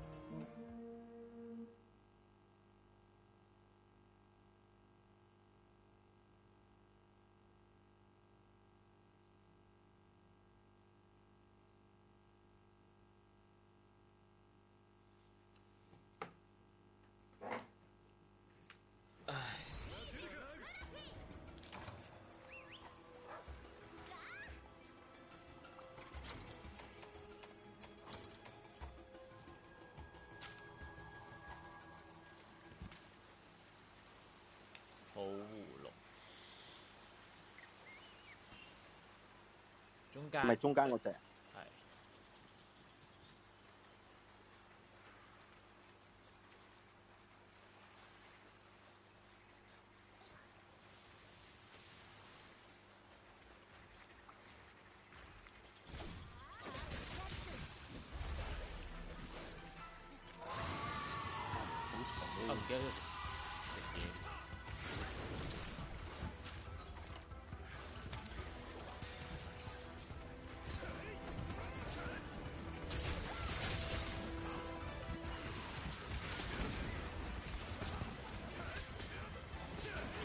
唔係中間嗰隻。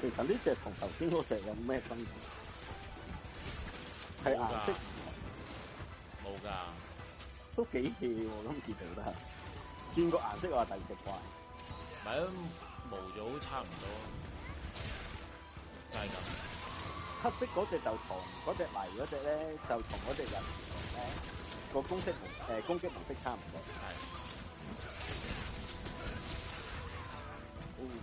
其實呢隻同頭先嗰隻有咩分別？係顏色唔同，冇噶，都幾熱喎，今次做得。轉個顏色話第二隻怪。唔係都毛組差唔多。第二個黑色嗰隻就同嗰隻泥魚嗰隻咧，就同嗰隻人咧個攻擊模，誒攻擊模式差唔多。係。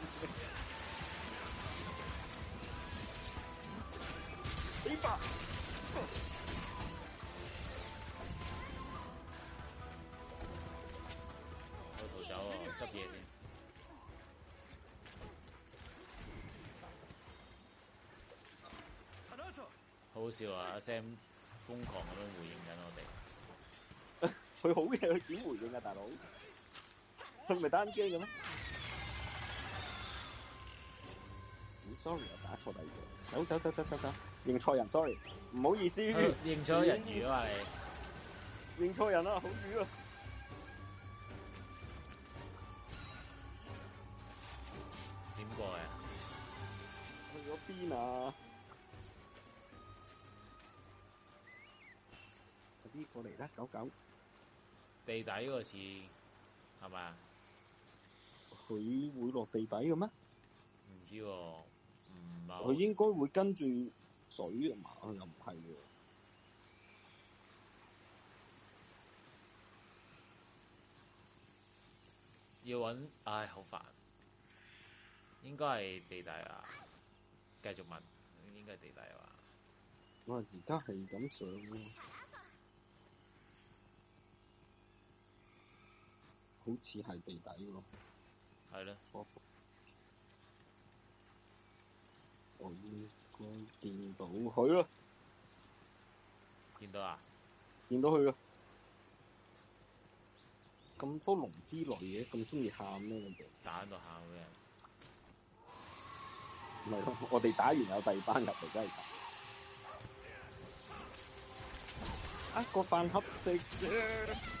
話、啊、阿 Sam 瘋狂咁樣回應緊我哋，佢好嘢！佢點回應啊大佬？佢唔係單機嘅咩？sorry，我打錯第二隻，走走走走走走，認錯人，sorry，唔好意思， *laughs* 認錯錯人 *laughs* 魚啊嘛，你認錯人啦、啊，好魚啊！狗狗地底個似係咪啊？佢會落地底嘅咩？唔知喎、啊，唔我應該會跟住水啊嘛，又唔係要揾，唉，好煩，應該係地底啊！繼續問，應該係地底現在是這樣啊！我而家係咁想。好似係地底喎，係咧。我應該見到佢咯，見到啊，見到佢咯。咁多龍之類嘢，咁中意喊咩？打到喊咩？咪咯，我哋打完有第二班入嚟，啊，真係。一個飯盒食啫。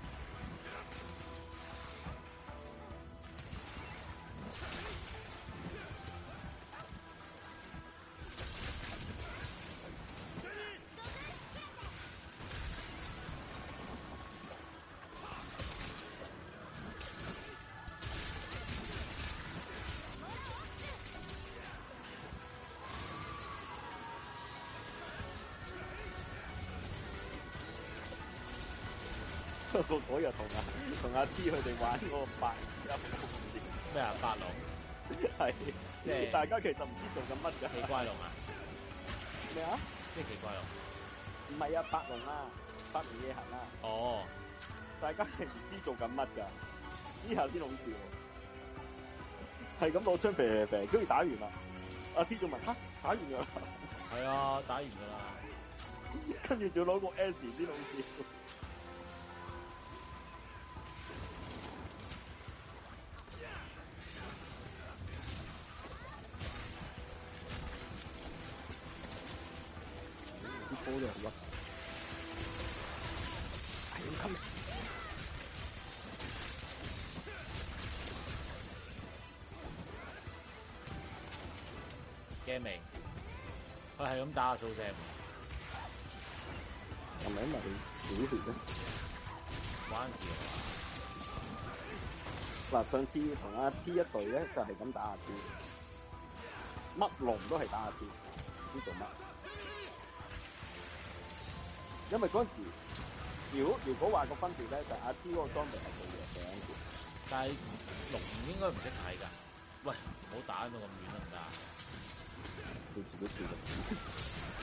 同啊，同阿 D 佢哋玩個八龍，咩啊？八龍係即係大家其實唔知做緊乜噶，奇怪龍啊？咩啊？真奇怪龍，唔係啊，八龍啊，八龍夜行啊。哦，大家係唔知做緊乜噶，呢下先好笑，係咁攞張肥肥肥，跟住打完啦。阿 D 仲問吓，打完咗啦？係啊，打完噶啦，跟住仲攞個 S 先好笑。打粗聲，我咪因為少點的關事。嗱、啊，上次同阿 T 一隊呢，就係、是、咁打阿 T，乜龍都係打阿 T，唔知做乜。因為嗰陣時，如果如果話個分別呢，就阿 T 嗰個裝備係最弱最，但係龍應該唔識睇噶。喂，唔好打到咁遠得唔得？佢自己跌。 *laughs*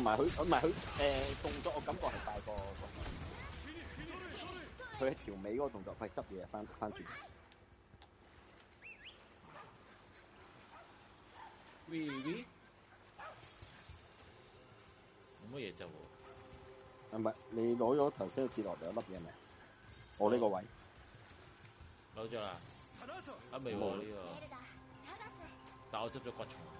同埋佢，同埋佢，誒動作，我感覺係大過佢嘅條尾嗰個動作，佢係執嘢翻翻轉。喂喂，冇乜嘢啫喎，唔係你攞咗頭先跌落嚟粒嘢咩？我呢個位攞著啦，阿梅梅呢個，但我執咗骨蟲。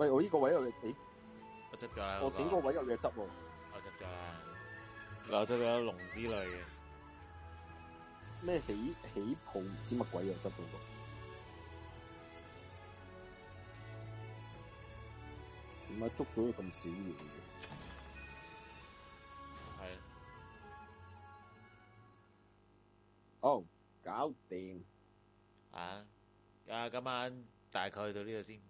喂，我呢個位又嚟？咦、哎，我執噶，我整、那個位又嚟執喎。我執噶，嗱，執咗龍之類嘅，咩起起泡唔知乜鬼又執到個，點解捉咗咁少嘢？係，哦，搞掂啊！啊，今晚大概到呢度先。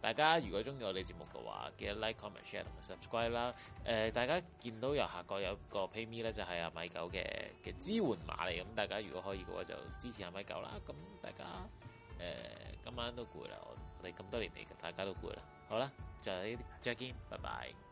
大家如果中意我哋節目嘅話，記得 like、comment、share 同埋 subscribe 啦，呃，大家見到右下角有個 PayMe 咧，就係、是、阿米狗嘅嘅支援碼嚟。咁大家如果可以嘅話，就支持阿米狗啦。咁大家誒、呃，今晚都攰啦，我哋咁多年嚟，大家都攰啦。好啦，就係呢啲，再見，拜拜。